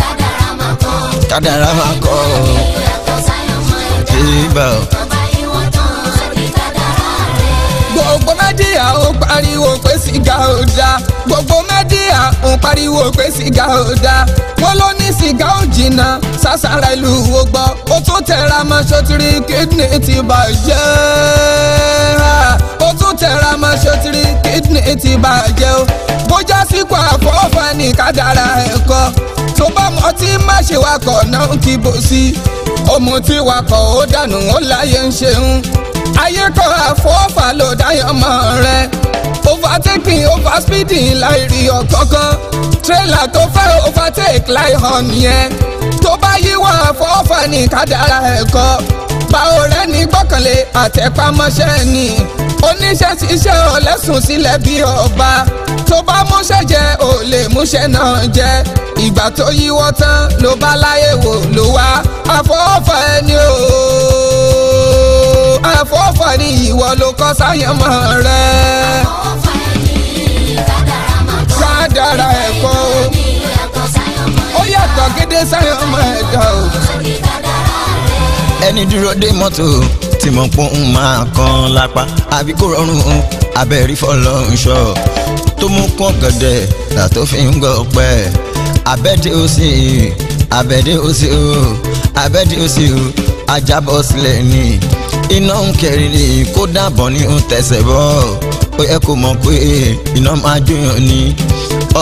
kádàrá máa kọ́. kádàrá máa kọ́ o. ìyàtọ̀ ìwọ̀n tán àti kádàrá rẹ̀. gbogbo náà ó pariwo pé sìgá ò dáa gbogbo mẹ́díà ń pariwo pé sìgá ò dáa wọ́n ló ní sìgá ò jìnnà sàṣàrà ìlú wo gbọ́ ó tún tẹra mọ́ sotiri kídìní ti bàjẹ́ ó tún tẹra mọ́ sotiri kídìní ti bàjẹ́ o bójá síkò àfọ́fà ní kádàrá ẹ̀kọ́ tó bá mọ tí má ṣe wakọ̀ náà ń kíbo sí ọmọ tí wakọ̀ ó dànù ó láyé ń ṣeun ayé kọ́ àfọ́fà ló dáyọ̀ mọ́ rẹ overtaking over speeding láì rí ọ̀kọ́kọ́ Trailer tó fẹ́ overtake láì hàn nìyẹn tó bá yíwọ́ àfọwọ́fà ní kádàrá ẹ̀kọ́ bá ọ̀rẹ́ ní gbọ́kànlé àtẹ̀pámọ́ṣẹ́ ni oníṣẹ́ ṣiṣẹ́ ọ̀lẹ́sùn sílẹ̀ bí ọba tó bá múṣẹ́ jẹ ò lè múṣẹ́ náà jẹ ìgbà tó yíwọ́ tán ló bá láyé wò ló wá àfọwọ́fà ẹni o àfọwọ́fà ni ìwọ ló kọ́ sáyẹ̀mọ́ rẹ̀ dára ẹ̀kọ́ o. ó yàtọ̀ gédé sáyọ̀ ọmọ ẹ̀dá o. ẹni dúró dé mọ́tò tí mo pọ́n ń máa kan lápá àbí kò rọrùn abẹ́rí fọlọ́nṣọ́ tó mú kọ́ gẹ̀dẹ̀ làtó fi ń gọ pẹ́ ó sì abẹ́dé ó sì ó abẹ́dé ó sì ó ajábọ̀ sílẹ̀ ni iná ń kẹrin ni kó dàbọ̀ ní ń tẹ̀sẹ̀ bọ́ ó yẹ kó mọ̀ pé iná máa jóyàn ni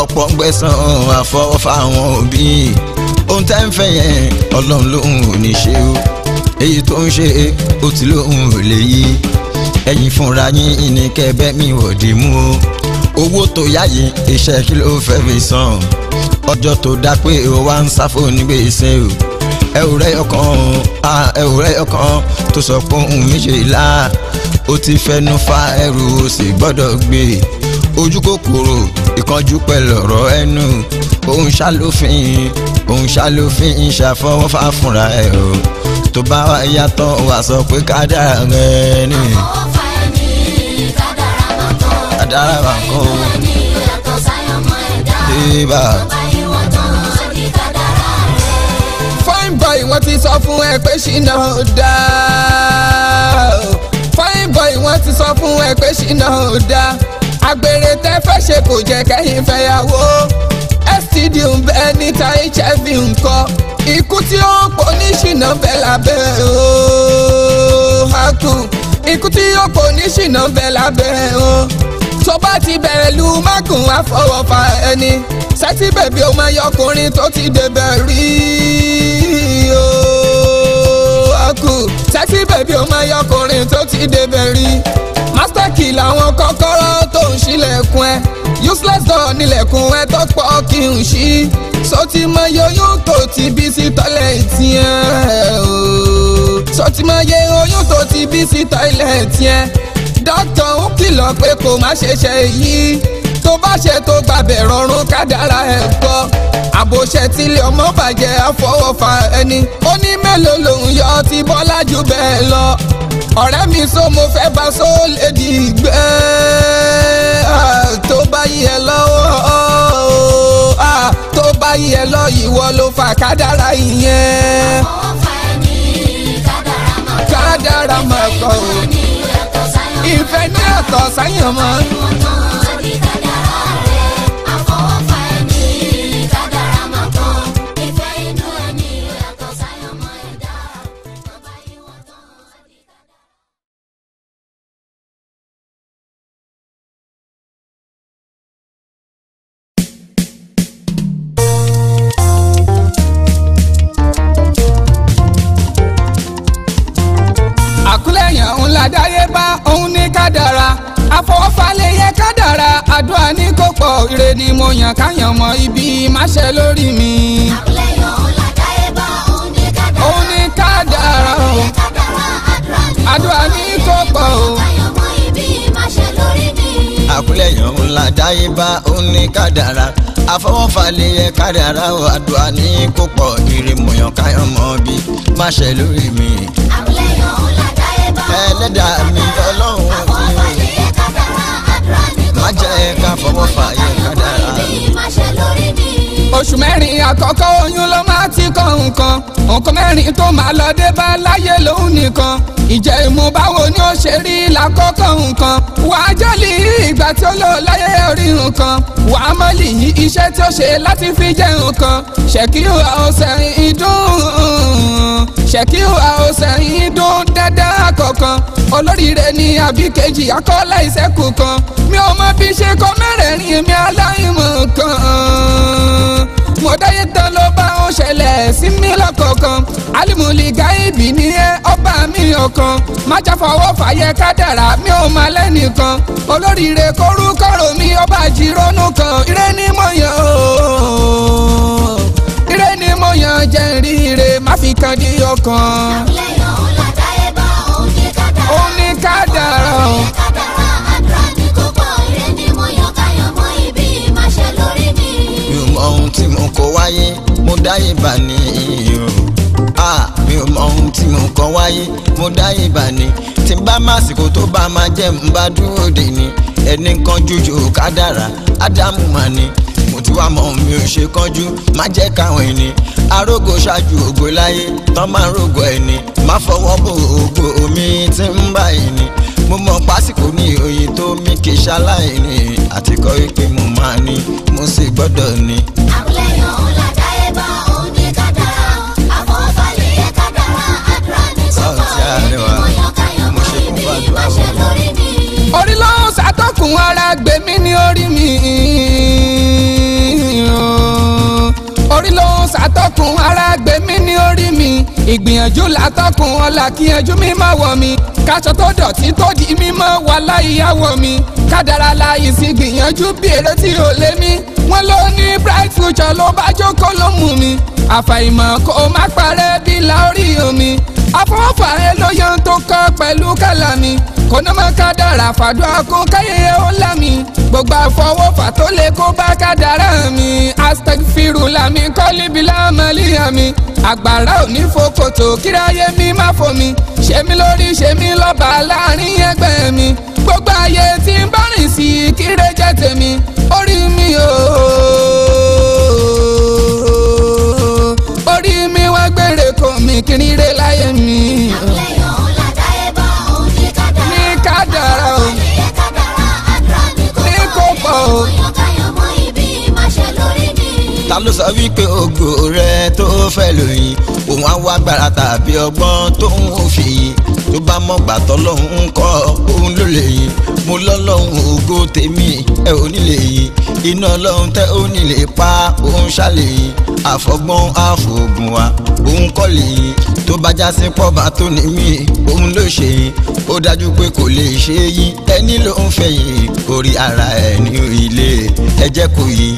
ọ̀pọ̀ gbẹ̀san àfọwọ́fà àwọn òbí ohun tẹ́ ń fẹ́ yẹn ọlọ́run lòun ò ní ṣe o èyí tó ń ṣe ó ti lòun ò lè yí ẹ̀yin fúnra yín ní kẹ́bẹ́ mi ò dì mú o owó tó yáyé iṣẹ́ kí ló fẹ́ fi san ọjọ́ tó dá pé o wá ń sáfò nígbèsè o ẹ ò rẹ́ ọkàn ẹ ò rẹ́ ọkàn tó sọ pé òun méjìlá o ti fẹnu fa ẹrù o sì gbọ́dọ̀ gbé e ojú kòkòrò ìkánjú pẹ̀lú ọ̀rọ̀ ẹnu òun ṣàlófin òun ṣàlófin ṣàfọwọ́fà fúnra ẹ̀ o tó bá wá yàtọ̀ wá sọ pé kádàrà rẹ̀ ni. kádàrà bá kọ́ kádàrà bá kọ́ ẹni sáyọ̀ mọ́ ẹ̀dá fine boy wọ́n ti sọ fún ẹ pé ṣìnà ò dáa fine boy wọ́n ti sọ fún ẹ pé ṣìnà ò dáa àgbèrè tẹ́ fẹ́ ṣe kò jẹ́ kẹ́yìn fẹ́yàwó std ń bẹ níta hiv ńkọ́ ikú tí ó ń pọ̀ níṣìnà bẹ lábẹ́ o ikú tí ó pọ̀ níṣìnà bẹ lábẹ́ o tó bá ti bẹ̀rẹ̀ lu mákùn àfọwọ́fà ẹni sẹ́tí bẹ̀bí ọmọ ẹyọkùnrin tó ti débẹ̀ rí o kù sẹ́kì bèbí ó máa yọkùnrin tó ti débẹ̀ rí master key làwọn kọ́kọ́rọ́ tó ń ṣílẹ̀kùn ẹ useless door nílẹ̀kùn ẹ tó pọ̀ kí n ṣí sọtí mọ yọyún tó ti bí sí tọ́lẹ̀tì ẹ o sọtí mọ yẹ oyún tó ti bí sí tọ́lẹ̀tì ẹ dókítà ń kìlọ̀ pé kò má ṣe ṣe yìí tó bá ṣe tó gbàbẹ̀ rọrùn kádàrá ẹ̀ gbọ́ àbòṣẹ tílé ọmọ bàjẹ́ àfọwọ́fà ẹni ó ní mélòó lòun yọ ti bọ́lá jù bẹ́ẹ̀ lọ ọ̀rẹ́ mi sọ mo fẹ́ bá sóòlè dìgbẹ́ tó bá yẹ lọ́wọ́ tó bá yẹ lọ ìwọ ló fà kádàrá ìyẹn. àwọn fa ẹni kádàrá mọ̀ kọ́ kádàrá mọ̀ kọ́ ìfẹ́ ní ọ̀tọ̀ sáyẹn mọ́. yàn káyàn mọ ibi má ṣe lórí mi. àbúlé yòó làjà ẹ̀bà òun ní kádàrá. òun ní kádàrá o. àdúrà ní kò pọ̀ o. káyàn mọ ibi má ṣe lórí mi. àkúlẹ̀ yòó làjà ẹ̀bà òun ní kádàrá afọwọ́fàlẹ̀ yẹ kárí ara o àdúrà ní kò pọ̀ ìrìnmọ̀yàn káyàn mọ ibi má lórí mi. àbúlé yòó làjà ẹ̀bà òun ní kádàrá. ẹlẹ́dàá mi ọlọ́run ni má jẹ́ ká fọwọ́ fà yẹ kád àṣẹ lórí mi. oṣù mẹ́rin àkọ́kọ́ oyún ló máa ti kọ́ nǹkan nǹkan mẹ́rin tó máa lọ dé bá láyé lòun nìkan ìjẹ́ ìmú báwo ni ó ṣe rí lákọ́kọ́ nǹkan wàá jẹ́lì ìgbà tí ó lò láyé orí nǹkan wàá mọ́lì iṣẹ́ tí ó ṣe láti fi jẹ́ nǹkan ṣèkíù àwòsàn ìdún ṣèkíù àwòsàn ìdún dandan àkọ́kan olóríire ni àbí kejì akọ́lá ìṣẹ́kù kan mi ò mọ bí ṣe kọ́ mẹ́rẹ̀ẹ̀rin mi aláìmọ̀ kan mo tán ló bá ń ṣẹlẹ̀ sí mi lọ́kọ̀ọ̀kan alimuli gaibi ni ẹ́ kádàrá mi ọ̀kan má jáfọwọ́ fàyẹ kádàrá mi ò má lẹ́nìkan olóríire kórúkọ̀rọ̀ mi ọba àjìrónú kan ire ni mo yàn ó ire ni mo yàn jẹ́ ríire má fi kan di ọkàn. àbílẹ̀yàn ń la táyé bá òun ní kádàrá òun ní kádàrá àdúrà mi kò pọ̀ ire ni mo yàn káyọ̀ mọ́ ibi ìmáṣẹ́ lórí mi. mi ò mọ ohun tí mo kó wáyé mo dáyé bá ní iyì o mi ò mọ ohun tí mo kàn wáyé mo dá ìbà ni tí n bá má sìkò tó bá máa jẹ́ n bá dúró dè ní ẹni kan jújù kádàrá ádámù mà ni mo ti wá mọ mi ò ṣe kánjú má jẹ́ káwọn ẹni arógo ṣáájú ògo láyé tán máa ń ẹni má fọwọ́ bò ògo omi tí ń bá ẹni mo mọ pásìkò ní oyin tó mí kì í ṣaláìní àtikọ́ wípé mo máa ní mo sì gbọ́dọ̀ ní. àbúlé yòówù làdá ẹ̀ bá ọ. má ṣe lórí mi. orí ló ṣàtọ́kùn ara gbèmí ní orí mi. orí ló ṣàtọ́kùn ara gbèmí ní orí mi ìgbìyànjú látọkùn ọlà kíyanjú mímọ́ wọ̀ mi kaṣọ tó dọ̀tí tó di mímọ́ wà láyìíyáwó mi kádàrá láyìí sí gbìyànjú bí èrè tí ò lé mi wọ́n ló ní bright future ló bá jókòó ló mú mi àfàìmọ̀ kó má parẹ́ bí láórí omi afọwọ́fà ẹ tó kọ́ pẹ̀lú kàlà mi kónámọ́ kádàrá fàdúrà kún káyé ó là mí gbogbo àfọwọ́fà tó lè kó bá kádàrá mi aztec firu làmì kọ́líbi láàmú líyà mi àgbàrá ò ní fokòtò ṣòkòtò kíráyé mi má fò mí mi mí lórí ṣe mí lọ́ba láàrin ẹgbẹ́ mi gbogbo ayé tí ń bá rìn sí kíre jẹ́ tèmi orí mi o orí mi wá gbére kò mí kiri re láyé mi. Oh. ló sọ wípé ògo rẹ tó fẹ́ lòyìn òun á wá gbára tàbí ọgbọ́n tó ń fi yìn tó bá mọ̀gbà tọ́lọ́hún ń kọ́ òun ló lè yìn mo lọ́lọ́hún ògo tèmi ẹ ò nílè yìn iná ọlọ́hun tẹ́ ò nílè pa òun ṣàlè yìn àfọgbọ́n àfògùn wa òun kọ́ lè yìn tó bá já sí pọ́ba tó ní mí òun ló ṣe yìn ó dájú pé kò lè ṣe yìn ẹni ló ń fẹ́ orí ara ẹni ilé ẹ jẹ́ kó yìn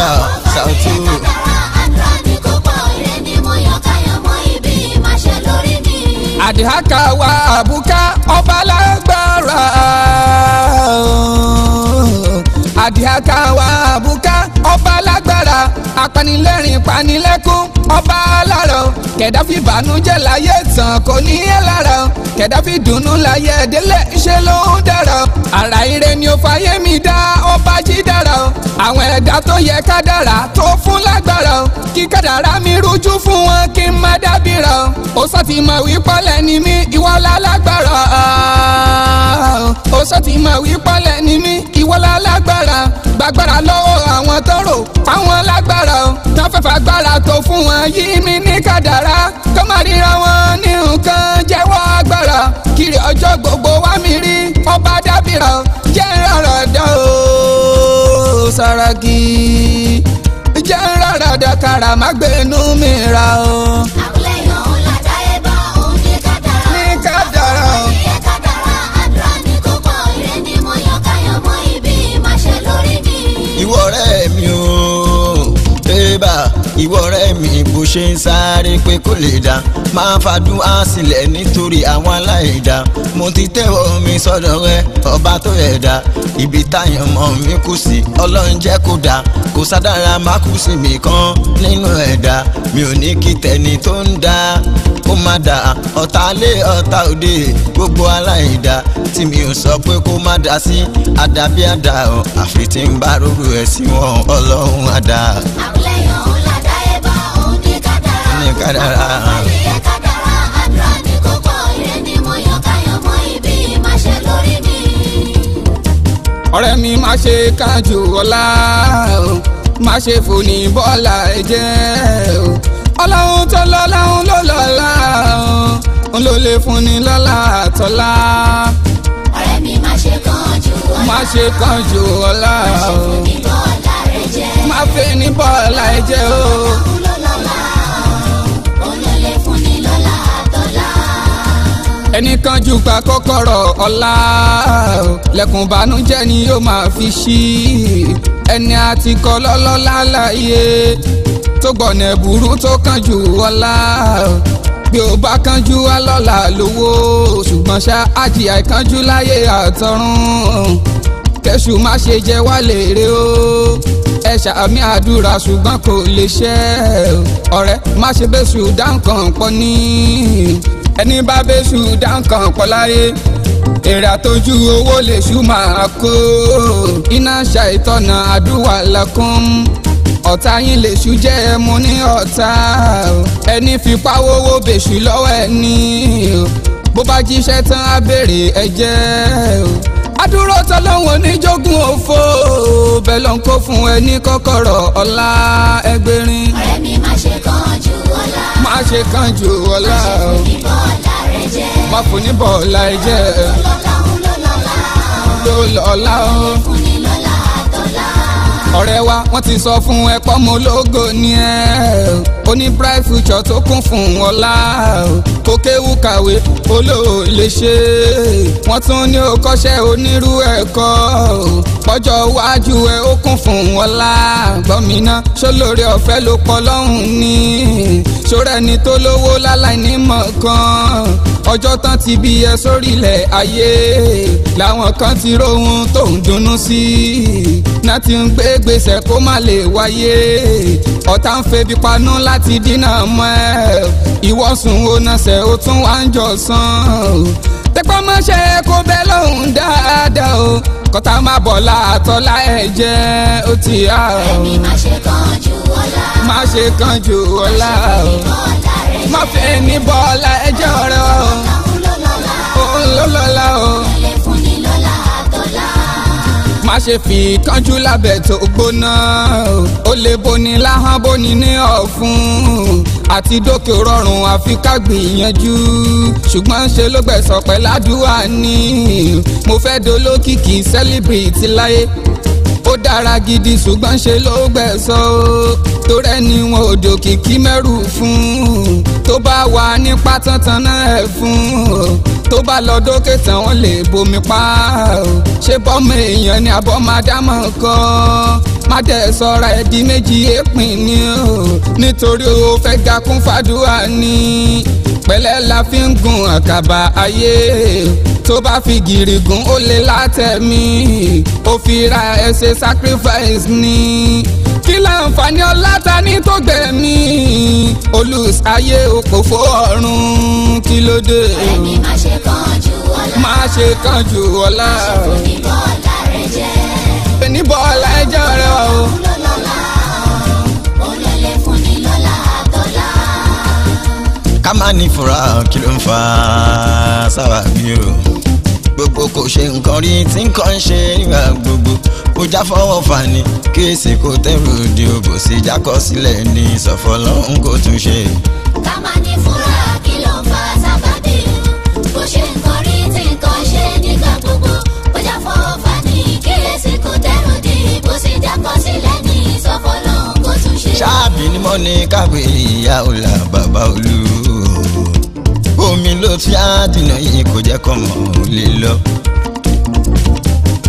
bá ṣàtú. àdìhákà wa àbúká ọba lágbára àdìhákà wa àbúká ọba lágbára apanilẹ́rìn panilẹ́kún ọba alárọ̀ kẹ̀dáfì bànújẹ́ láyé tán kò ní ẹ̀ lára kẹ̀dáfì dùnnú láyé délé ṣe ló ń dára àrà ire ni ó fàyè mi dá àwọn ẹ̀dá tó yẹ kádàrá tó fún lágbára kí kádàrá mi rújú fún wọn kí n má dábìrà ó sọ́tì mọ̀ wípọ́lẹ̀ ni mí ìwọ́lá lágbára ó sọ́tì mọ̀ wípọ́lẹ̀ ni mí ìwọ́lá lágbára gbàgbára lọ́wọ́ àwọn tó fáwọn lágbára tó gbára tó fún wọn yí mi ní kádàrá kó má ríra wọn ní nǹkan jẹ́wọ́ agbára kiri ọjọ́ gbogbo wá mi rí ọba dábìrà jẹ́ ìrànlọ́wọ́. Saraki jẹ́ ń rárá dakara má gbénú mi ra o. ìwọ ọ̀rẹ́ mi bó ṣe ń sáré pé kò lè dá máa fàdúrà sílẹ̀ nítorí àwọn aláìdá mo ti tẹ́wọ́ mi sọ́dọ̀ rẹ ọba tó ẹ̀dá ibi táyàn mọ̀ mi kù sí ọlọ́run jẹ́ kó dá kò sádára má kù sí mi kan nínú ẹ̀dá mi ò ní kí tẹni tó ń dá kó má dá ọ̀tá lé ọ̀tá òde gbogbo aláìdá tí mi ò sọ pé kó má dá sí àdàbí àfi tí ń bá rúru ẹ̀ sí wọn ọlọ́run àdá. àwùlẹ̀ yọ̀ ọ́ ọ̀rẹ́ mi má ṣe kájú ọlá o má ṣe fòní bọ́ọ̀lá ẹ̀jẹ̀ o ọlọ́run tó lọ́lọ́run ló lọ́lá o n ló lè fúnni lọ́lá àtọ́lá. ọ̀rẹ́ mi má ṣe kánjú ọlá má ṣe kánjú ọlá o má ṣe fòní bọ́ọ̀lá ẹ̀jẹ̀ o má fẹ́ ní bọ́ọ̀lá ẹ̀jẹ̀ o. ẹnìkan jù pa kọ́kọ́rọ́ ọlá lẹ́kùn bànújẹ́ ni yóò máa fi ṣí ẹni àti kọ́ lọ́lọ́lá láàyè tó gbọ̀nà ẹ̀bùrú tó kàn jù ọlá bí o bá kánjú wá lọ́la lówó ṣùgbọ́n ṣá àjìyà ìkánjú láyé àtọ̀run kẹ́sù má ṣe jẹ wá lèrè o ẹ ṣàmì àdúrà ṣùgbọ́n kò lè ṣẹ ọ̀rẹ́ má ṣe bẹ́sù dá nǹkan ní ẹni bá bẹ́sù dáǹkan pọ̀láyé èrà tójú owó lè ṣú máa kó iná ṣàìtọ́nà àdúrà lakum ọ̀tá yín lè ṣú jẹ́ ẹ mú ní ọ̀tá ẹni fipá wówó bèṣù lọ́wọ́ ẹni bó bá jíṣẹ́ tán á béèrè ẹ̀jẹ̀ adúró tọ́lọ́wọ́n oníjogún òfò bẹ́ẹ̀ ló ń kó fún ẹ kọ́kọ́rọ́ ọ̀la ẹgbẹ̀rin. ọ̀rẹ́ mi má ṣe kán má ṣe kánjú ọlá o má fò ní bọ̀ọ̀lá ẹ jẹ́ ló lọ́lá o ọ̀rẹ́ wa wọ́n ti sọ fún ẹ pọ́ mo lógo ni ẹ o ní bright future tó kún fún ọlá kó kéwú kàwé olóò lè ṣe wọ́n tún ní o kọ́ṣẹ́ onírú ẹ̀kọ́ pọ́jọ́ iwájú ẹ ó kún fún ọlá gbọ́mìnà ṣólórí ọ̀fẹ́ ló pọ̀ lọ́hùn ni ṣọ́ra ẹni tó lówó láláì ní mọ̀ọ́kàn ọjọ́ tán ti bí ẹ sórílẹ̀ ayé làwọn kan ti róhun tó ń dunnú sí i láti ń gbé gbèsè kó má lè wáyé ọ̀tá ń febi panú láti dínà mọ́ ẹ ìwọ sùn ó nasẹ̀ ó tún wá ń jọ sàn tẹpẹ́ mọ́ṣẹ́ kó bẹ́ lóhùn dáadáa o kọ́tà má bọ̀ láàtọ́lá ẹ̀ jẹ́ ó ti há o. ẹni má ṣe kàn jù ọ̀la. má ṣe kàn jù ọ̀la o. má fẹ́ ní bọ́ọ̀lá ẹ jẹ́ o. òun ló lọ́la o má ṣe fi kánjú lábẹ́ tó gbóná ó lè boni láhán boni ní ọ̀fun àti dókè rọrùn àfi ká gbìyànjú ṣùgbọ́n ṣe ló gbẹ̀sọ̀ pẹ̀ ládùúgbà ni mo fẹ́ dolókìkí sẹ́líbìrìtì láyé ó dára gidi ṣùgbọ́n ṣe ló gbẹ̀sọ̀ o tó rẹ́ni wọn ò dòkìkí mẹ́rù fún tó bá wà nípa tantan náà ẹ̀ fún tó bá lọ dókè tán wọ́n lè bomi pa o ṣé bọ́mọ èèyàn ni àbọ̀mọdámọ̀ kan má dẹ̀ sọ́ra ẹ̀dí méjì èèpìn ni o nítorí o fẹ́ ga kún fàdúrà ni pẹ̀lẹ́ la fi ń gun àkàbà ayé tó bá fi gìrì gun ó lè látẹ̀mí ó fi ra ẹsẹ̀ sacrifice ni kí láǹfààní ọlátání tó gbẹ̀mí olùsáyé òpòfó ọ̀run kí ló dé. ẹni má ṣe kánjú ọlá má ṣe kánjú ọlá má ṣe fún mi bọ́ọ̀lá rẹ bọ́ọ̀lá ẹ jẹ́ ọ̀rẹ́ wa o. ká má ní fura kí ló ń fa sábà bí o gbogbo kò ṣe nǹkan rí tí nǹkan ń ṣe nígbà gbogbo kó já fọwọ́ fà ní kí èsì kó tẹ̀rù di òbò sí jákọ́ sílẹ̀ ní ìsọ̀fọ̀ lọ́hún kó tún ṣe. ká ní fúnra kí ló ń fa sábàbí bó ṣe nǹkan rí tí nǹkan ṣe nígbà gbogbo kó já fọwọ́ fà ní kí èsì kó tẹ̀rù di òbò sí jákọ́ sílẹ̀ ní ìsọ̀fọ̀ lọ́hún kó tún ṣe. ṣáàbì ni mo ní káwé ìyá ọ̀la bàbá olú omi ló fi á yìí kò jẹ́ kọ́ mọ̀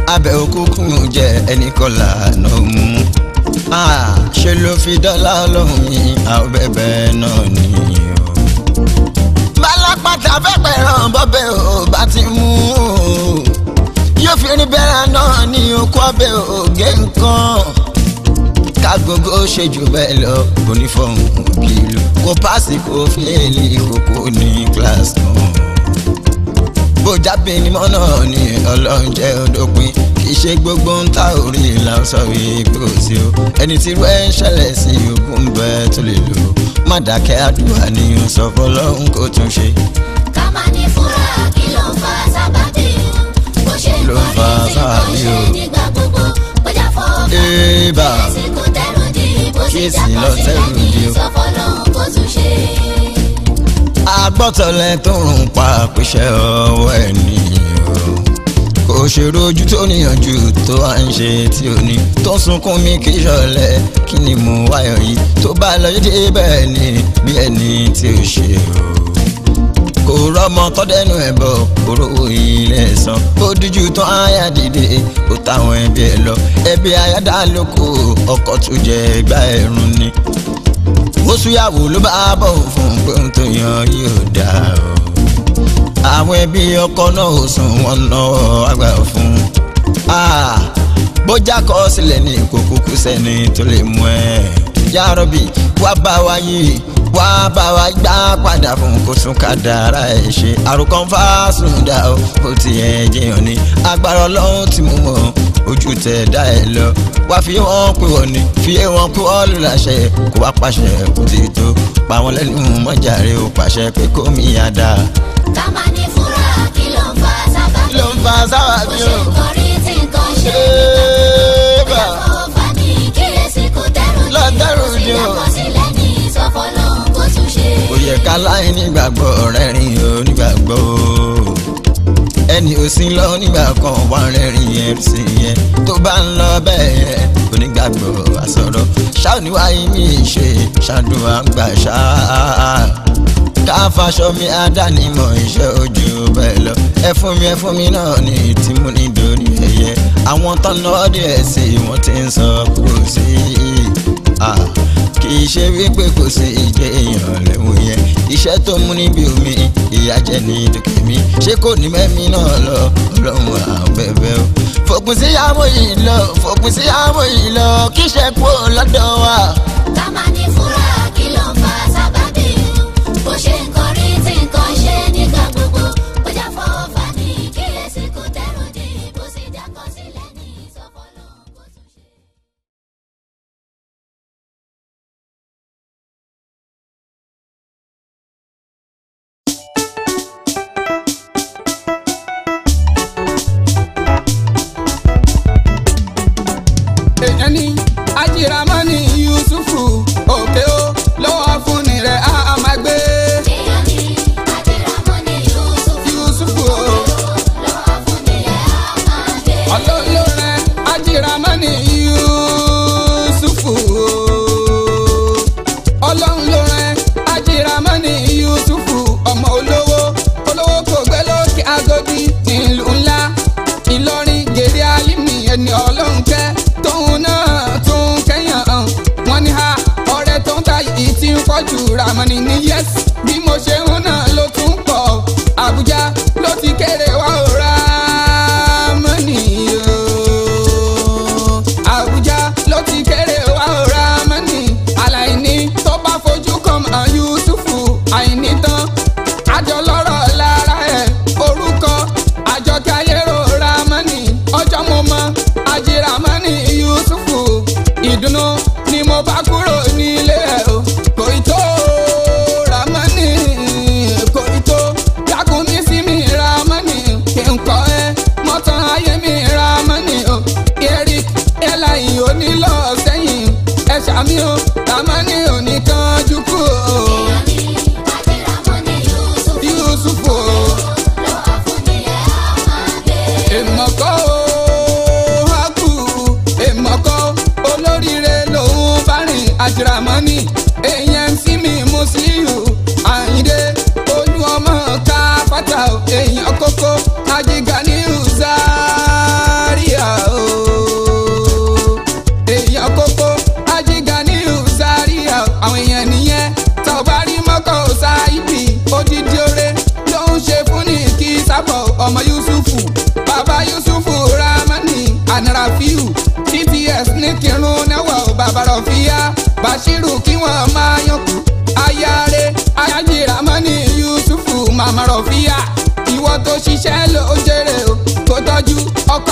abẹ òkùnkùn jẹ ẹnì kan lànà mú ah, ṣe ló fi dọ́là ọlọ́run yìí àwọn bẹ́ẹ̀ náà nìyí o. balápàtà fẹ́ pẹ̀ràn bọ́bẹ̀ ò bá ti mú o yóò fi rí bẹ́ẹ̀rẹ̀ náà ní okú ọbẹ̀ ògé nǹkan kágógó ṣe jù bẹ́ẹ̀ lọ kò ní fọ́ọ̀mù òbí lò kó pásì kókó ní kíláàsì náà bó jábí ni mọ́nà ni ọlọ́run jẹ́ odópin kì í ṣe gbogbo ń ta orí lásán ìgbò sí o ẹni tí irú ẹ̀ ń ṣẹlẹ̀ sí òkú ń bẹ tó lè lò má dákẹ́ àdúrà ni ó sọ fọlọ́run kó tún ṣe. ká má fúnra kí ló ń fa sábàbí o bó ṣe ń kọrí sí kò ṣe nígbà gbogbo bójá fọwọ́ fún kí sì lọ tẹ́rù di o sọ fọlọ́run kó tún ṣe agbọ́tọ̀lẹ̀ tó rùn pa àpèṣẹ ọwọ́ ẹni kò ṣèrò ojú tó níyànjú tó à ń ṣe tí ò ní tó sunkún mi kì í ṣọ̀lẹ kí ni mo wáyọ̀ yìí tó bá lọ yédè bẹ́ẹ̀ ni bí ẹni tí ò ṣe o kò rọmọ tọ́dẹ́nu ẹ̀ bọ̀ kò rówó ilé san ó díjú tán àyà dìde kò táwọn ẹbí ẹ lọ ẹbí àyà dá lóko ọkọ̀ tó jẹ ẹgbà ẹ̀rùn ni bó súyàwó ló bá bọ̀ fún pẹ́ẹ́n tó yan yóò dá o. àwọn ẹbí ọkọ náà ò sùn wọn náà àgbà fún bójá kọ́ sílẹ̀ ní kókókó sẹ́ni tó lè mú ẹ. yárọ̀bì wá bá wa yìí wá bá wa gbá padà fún kó tún ká dára ẹ̀ ṣe àròkàn fásùn dá o kó tiẹ̀ jẹyàn ní agbára ọlọ́run tí mo mọ̀ ojú tẹ̀ dá ẹ lọ wá fi wọ́n pé wọ́n ni fi wọ́n pé wọ́n lù láṣẹ kó wá pàṣẹ kó ti tó pa wọ́n lẹ́nu mọ́jàre ó pàṣẹ pé kó mi yá dá. ká ní fúra kí ló ń fa sábà bí ló ń fa sábà bí o kò kọrí tí nǹkan ṣe é bá ọ̀yà fọwọ́ fani kíyèsí kò dẹ́rù ni lọ́dẹ́rù ni o kò sí yàtọ̀ sílẹ̀ ní ìsọfọ́lọ́ kó tún ṣe. kò ká láì nígbàgbọ́ rẹ́rìn-ín onígbàgbọ́ o ẹni ò sí lọ nígbà kan wà rẹ́rìn mc yẹn tó bá ń lọ bẹ́ẹ̀ yẹn onígbàgbọ́ àsọ̀rọ̀ ṣáà níwáyé mi ṣe ṣàdùn àgbà ṣáà ká faṣọ mi àdánimọ̀ iṣẹ́ ojú bẹ́ẹ̀ lọ ẹ fún mi ẹ fún mi náà ní tí mo ní dorí ẹyẹ àwọn tọ́nà ọdẹ ẹ̀sìn wọ́n ti ń sọ kúrò sí i. Ah ìṣe wípé kò sí ìjẹ èèyàn lẹ́wọ̀n yẹn iṣẹ́ tó mú níbi omi ìyá jẹ ní tòkè mi ṣé kò ní mẹ́mí náà lọ ọlọ́run àbẹ̀bẹ̀ o. fòpin sí àmọ́ yìí lọ fòpin sí àmọ́ yìí lọ kí ṣe kú lọ́dọ̀ wa. ká máa ní fún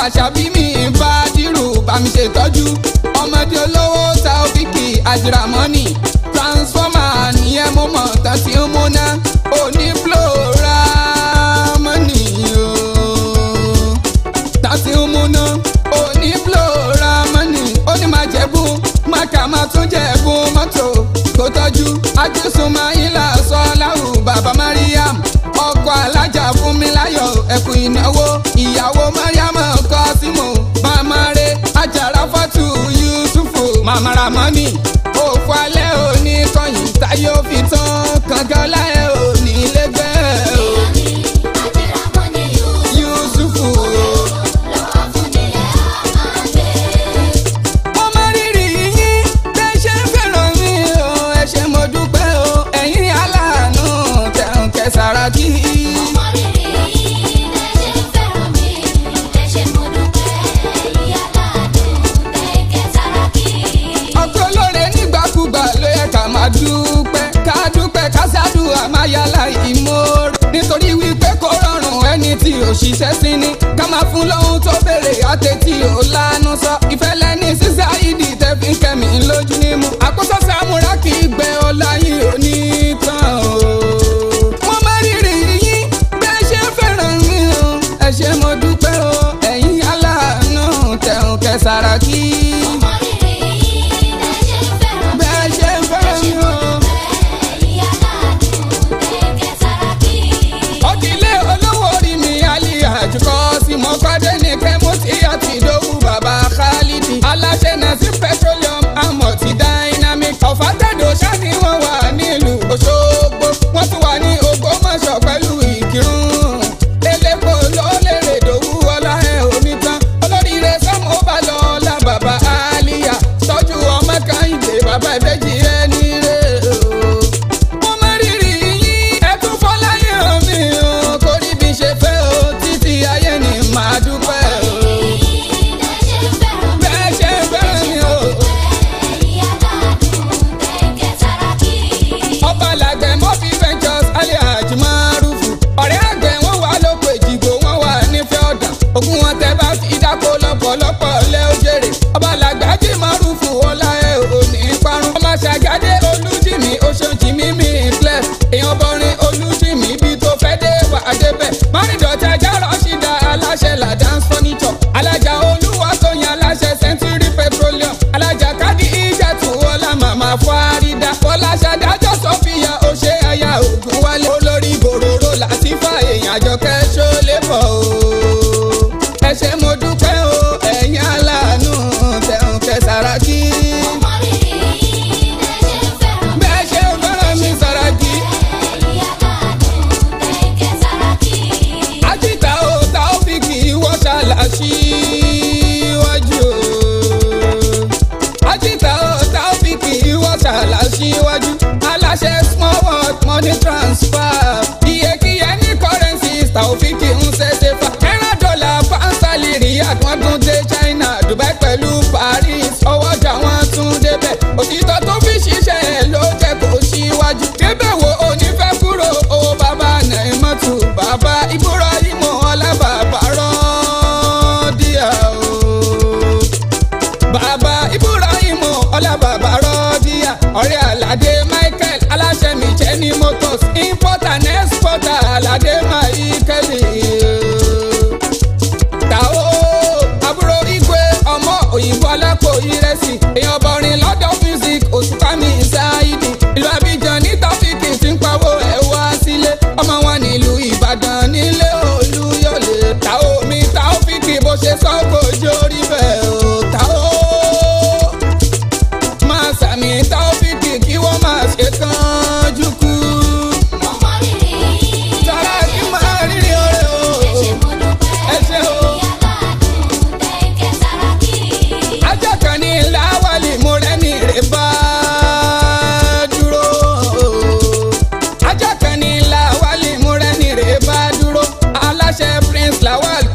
àṣàbí mi ń fa dírù bá mi ṣètọ́jú ọmọdé olówó Taofiki àdìràmọ́ni.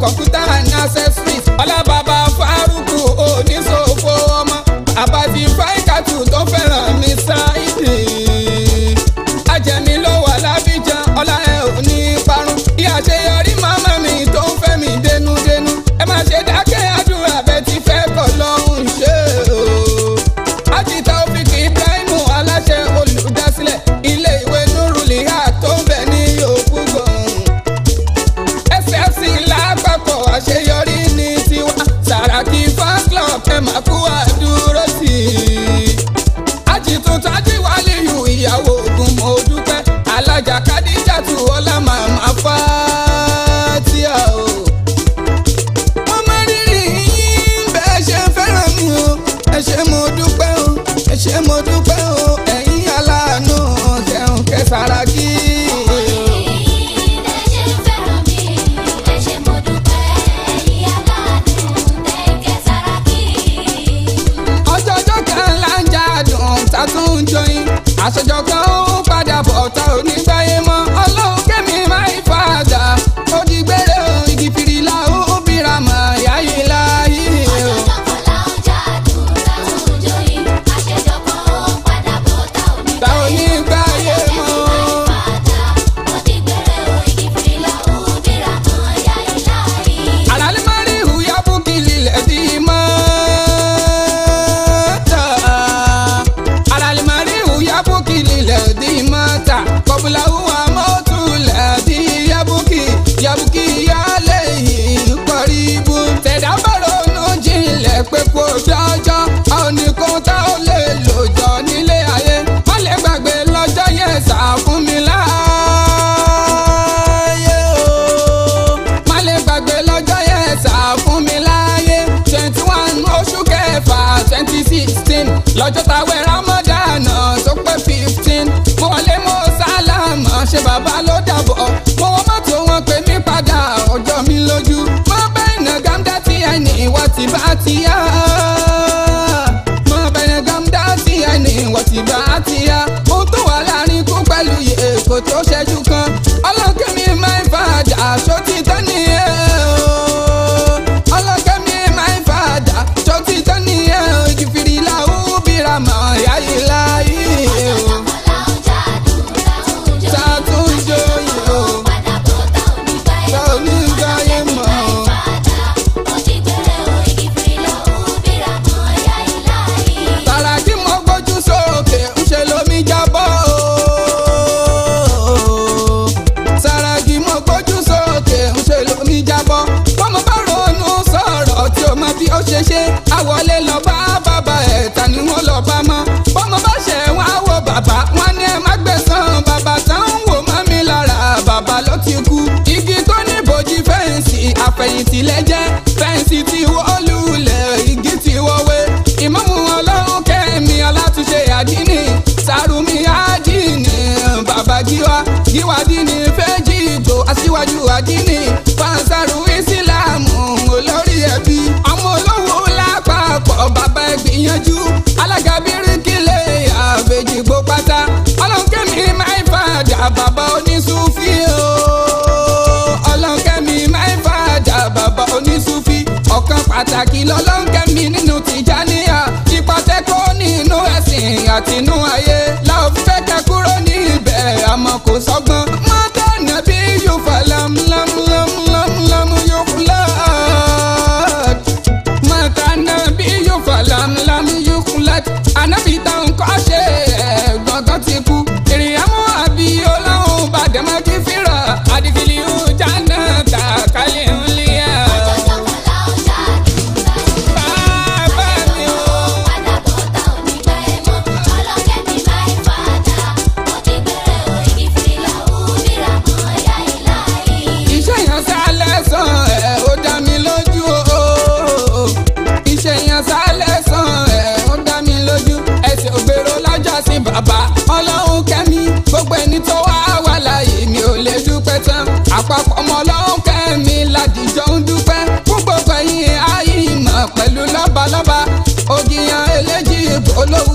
kwa kutana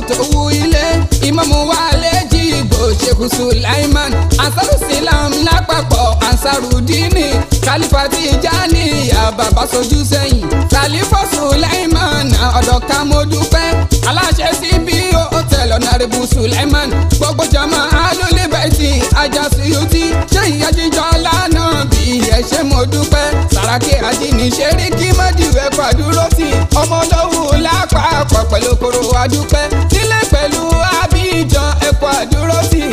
tó ilé ìmáàmù wa lẹ́jì ìgbò ṣèkù sulaiman ansaru silam lápapọ̀ ansaru dini kalifa tijani ìyá bàbá sojú sẹ́yìn kalifa sulaiman ọ̀dọ̀ ká mo dúpẹ́ aláṣẹ CBO hotel ọ̀nàrẹ́bù sulaiman gbogbo jama alólébẹ̀tì ajá suyuti ṣé ìyá jíjọ́ lánàá bí ìyẹn ṣe mo dúpẹ́ sàràkí àjíniṣẹ́rí kí mọ́dìwẹ́ pàdúró sí ọmọ lọ́wọ́ àpọ̀ pẹ̀lú koro adúpẹ́ sílẹ̀ pẹ̀lú abidjan ẹ̀kọ́ àdúrótì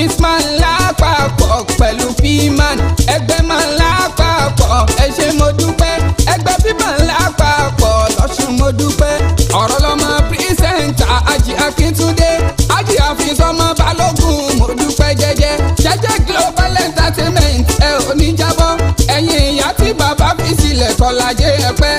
isman lápapọ̀ pẹ̀lú piman ẹgbẹ́ man lápapọ̀ ẹ ṣé mo dúpẹ́ ẹgbẹ́ piman lápapọ̀ lọ́sùn mo dúpẹ́ ọ̀rọ̀ lọ́mọ pírísẹ̀ǹtà àjì akíntúndé àjì àfisọ́mọ balógun mo dúpẹ́ jẹ́jẹ́ jẹ́jẹ́ global entertainment ẹ ò ní jábọ́ ẹ̀yin ìyá tí bàbá fi sílẹ̀ kọ́lajẹ́ ẹ̀pẹ́.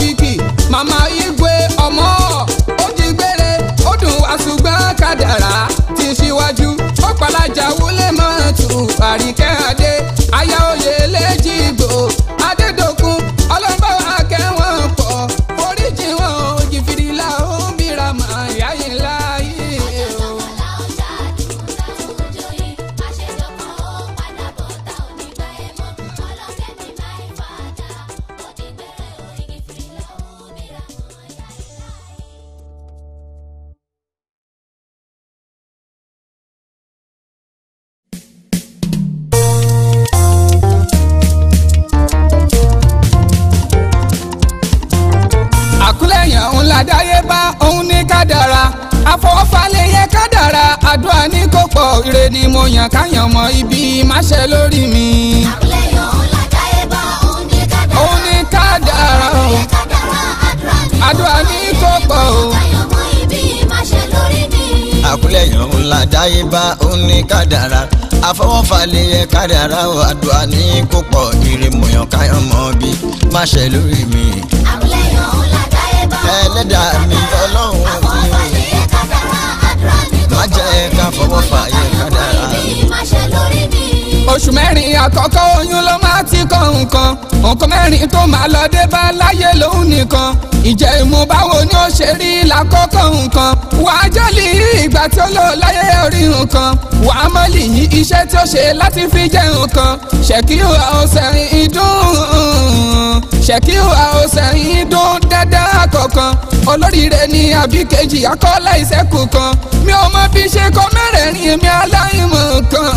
aik amaigwe oma oge gbere odun asugbka diara àfọwọ́fàlẹ̀ ẹ̀ kádàrá o àdúrà ní kó pọ̀ káyọ̀ mọ́ bí má ṣe lórí mi. àwùlẹ̀yàn ńlá dáyé bá. ẹlẹ́dàá mi ọlọ́run mi. àfọwọ́fàlẹ̀ ẹ̀ kádàrá jẹ́ ká fọwọ́ fààyè kádàrá. oṣù mẹ́rin àkọ́kọ́ oyún ló máa ti kọ́ nǹkan nǹkan mẹ́rin tó máa lọ dé bá láyé lòun nìkan ìjẹ́ ìmú báwo ni ó ṣe rí lákọ́kọ́ nǹkan wàá jẹ́lì ìgbà tí ó lò láyé orí nǹkan wàá mọ́lì yí iṣẹ́ tí ó ṣe láti fi jẹ́ nǹkan ṣèkí ọ̀sẹ̀ ìdún Ṣèkíù Àòṣẹ̀yìn dún dáadáa kọ̀ọ̀kan olóríire ní àbíkejì akọ́lá ìṣẹ́kù kan mi ò mọ bí ṣe kọ́ mẹ́rẹ̀ẹ̀rin mi aláìmọ̀ kan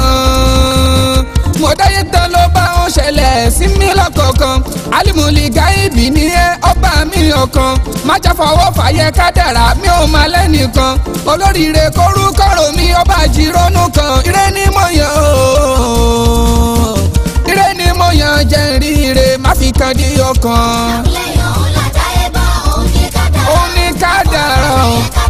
mo dáyé tán ló bá wọn ṣẹlẹ̀ sí mi lọ́kọ̀ọ̀kan alimuli gaibi ni ẹ ọba mi ọ̀kan májà fọwọ́ fàyẹ kádàrá mi ò máa lẹ́nìkan olóríire korúkọ̀rò mi ọba jìrónú kan ire ni mo yàn ó ire ni mo yàn jẹ́ ríire má àyíkadì ọkàn. àbílẹ̀ yòówù làdáyébá òun ní kádàrá. òun ní kádàrá.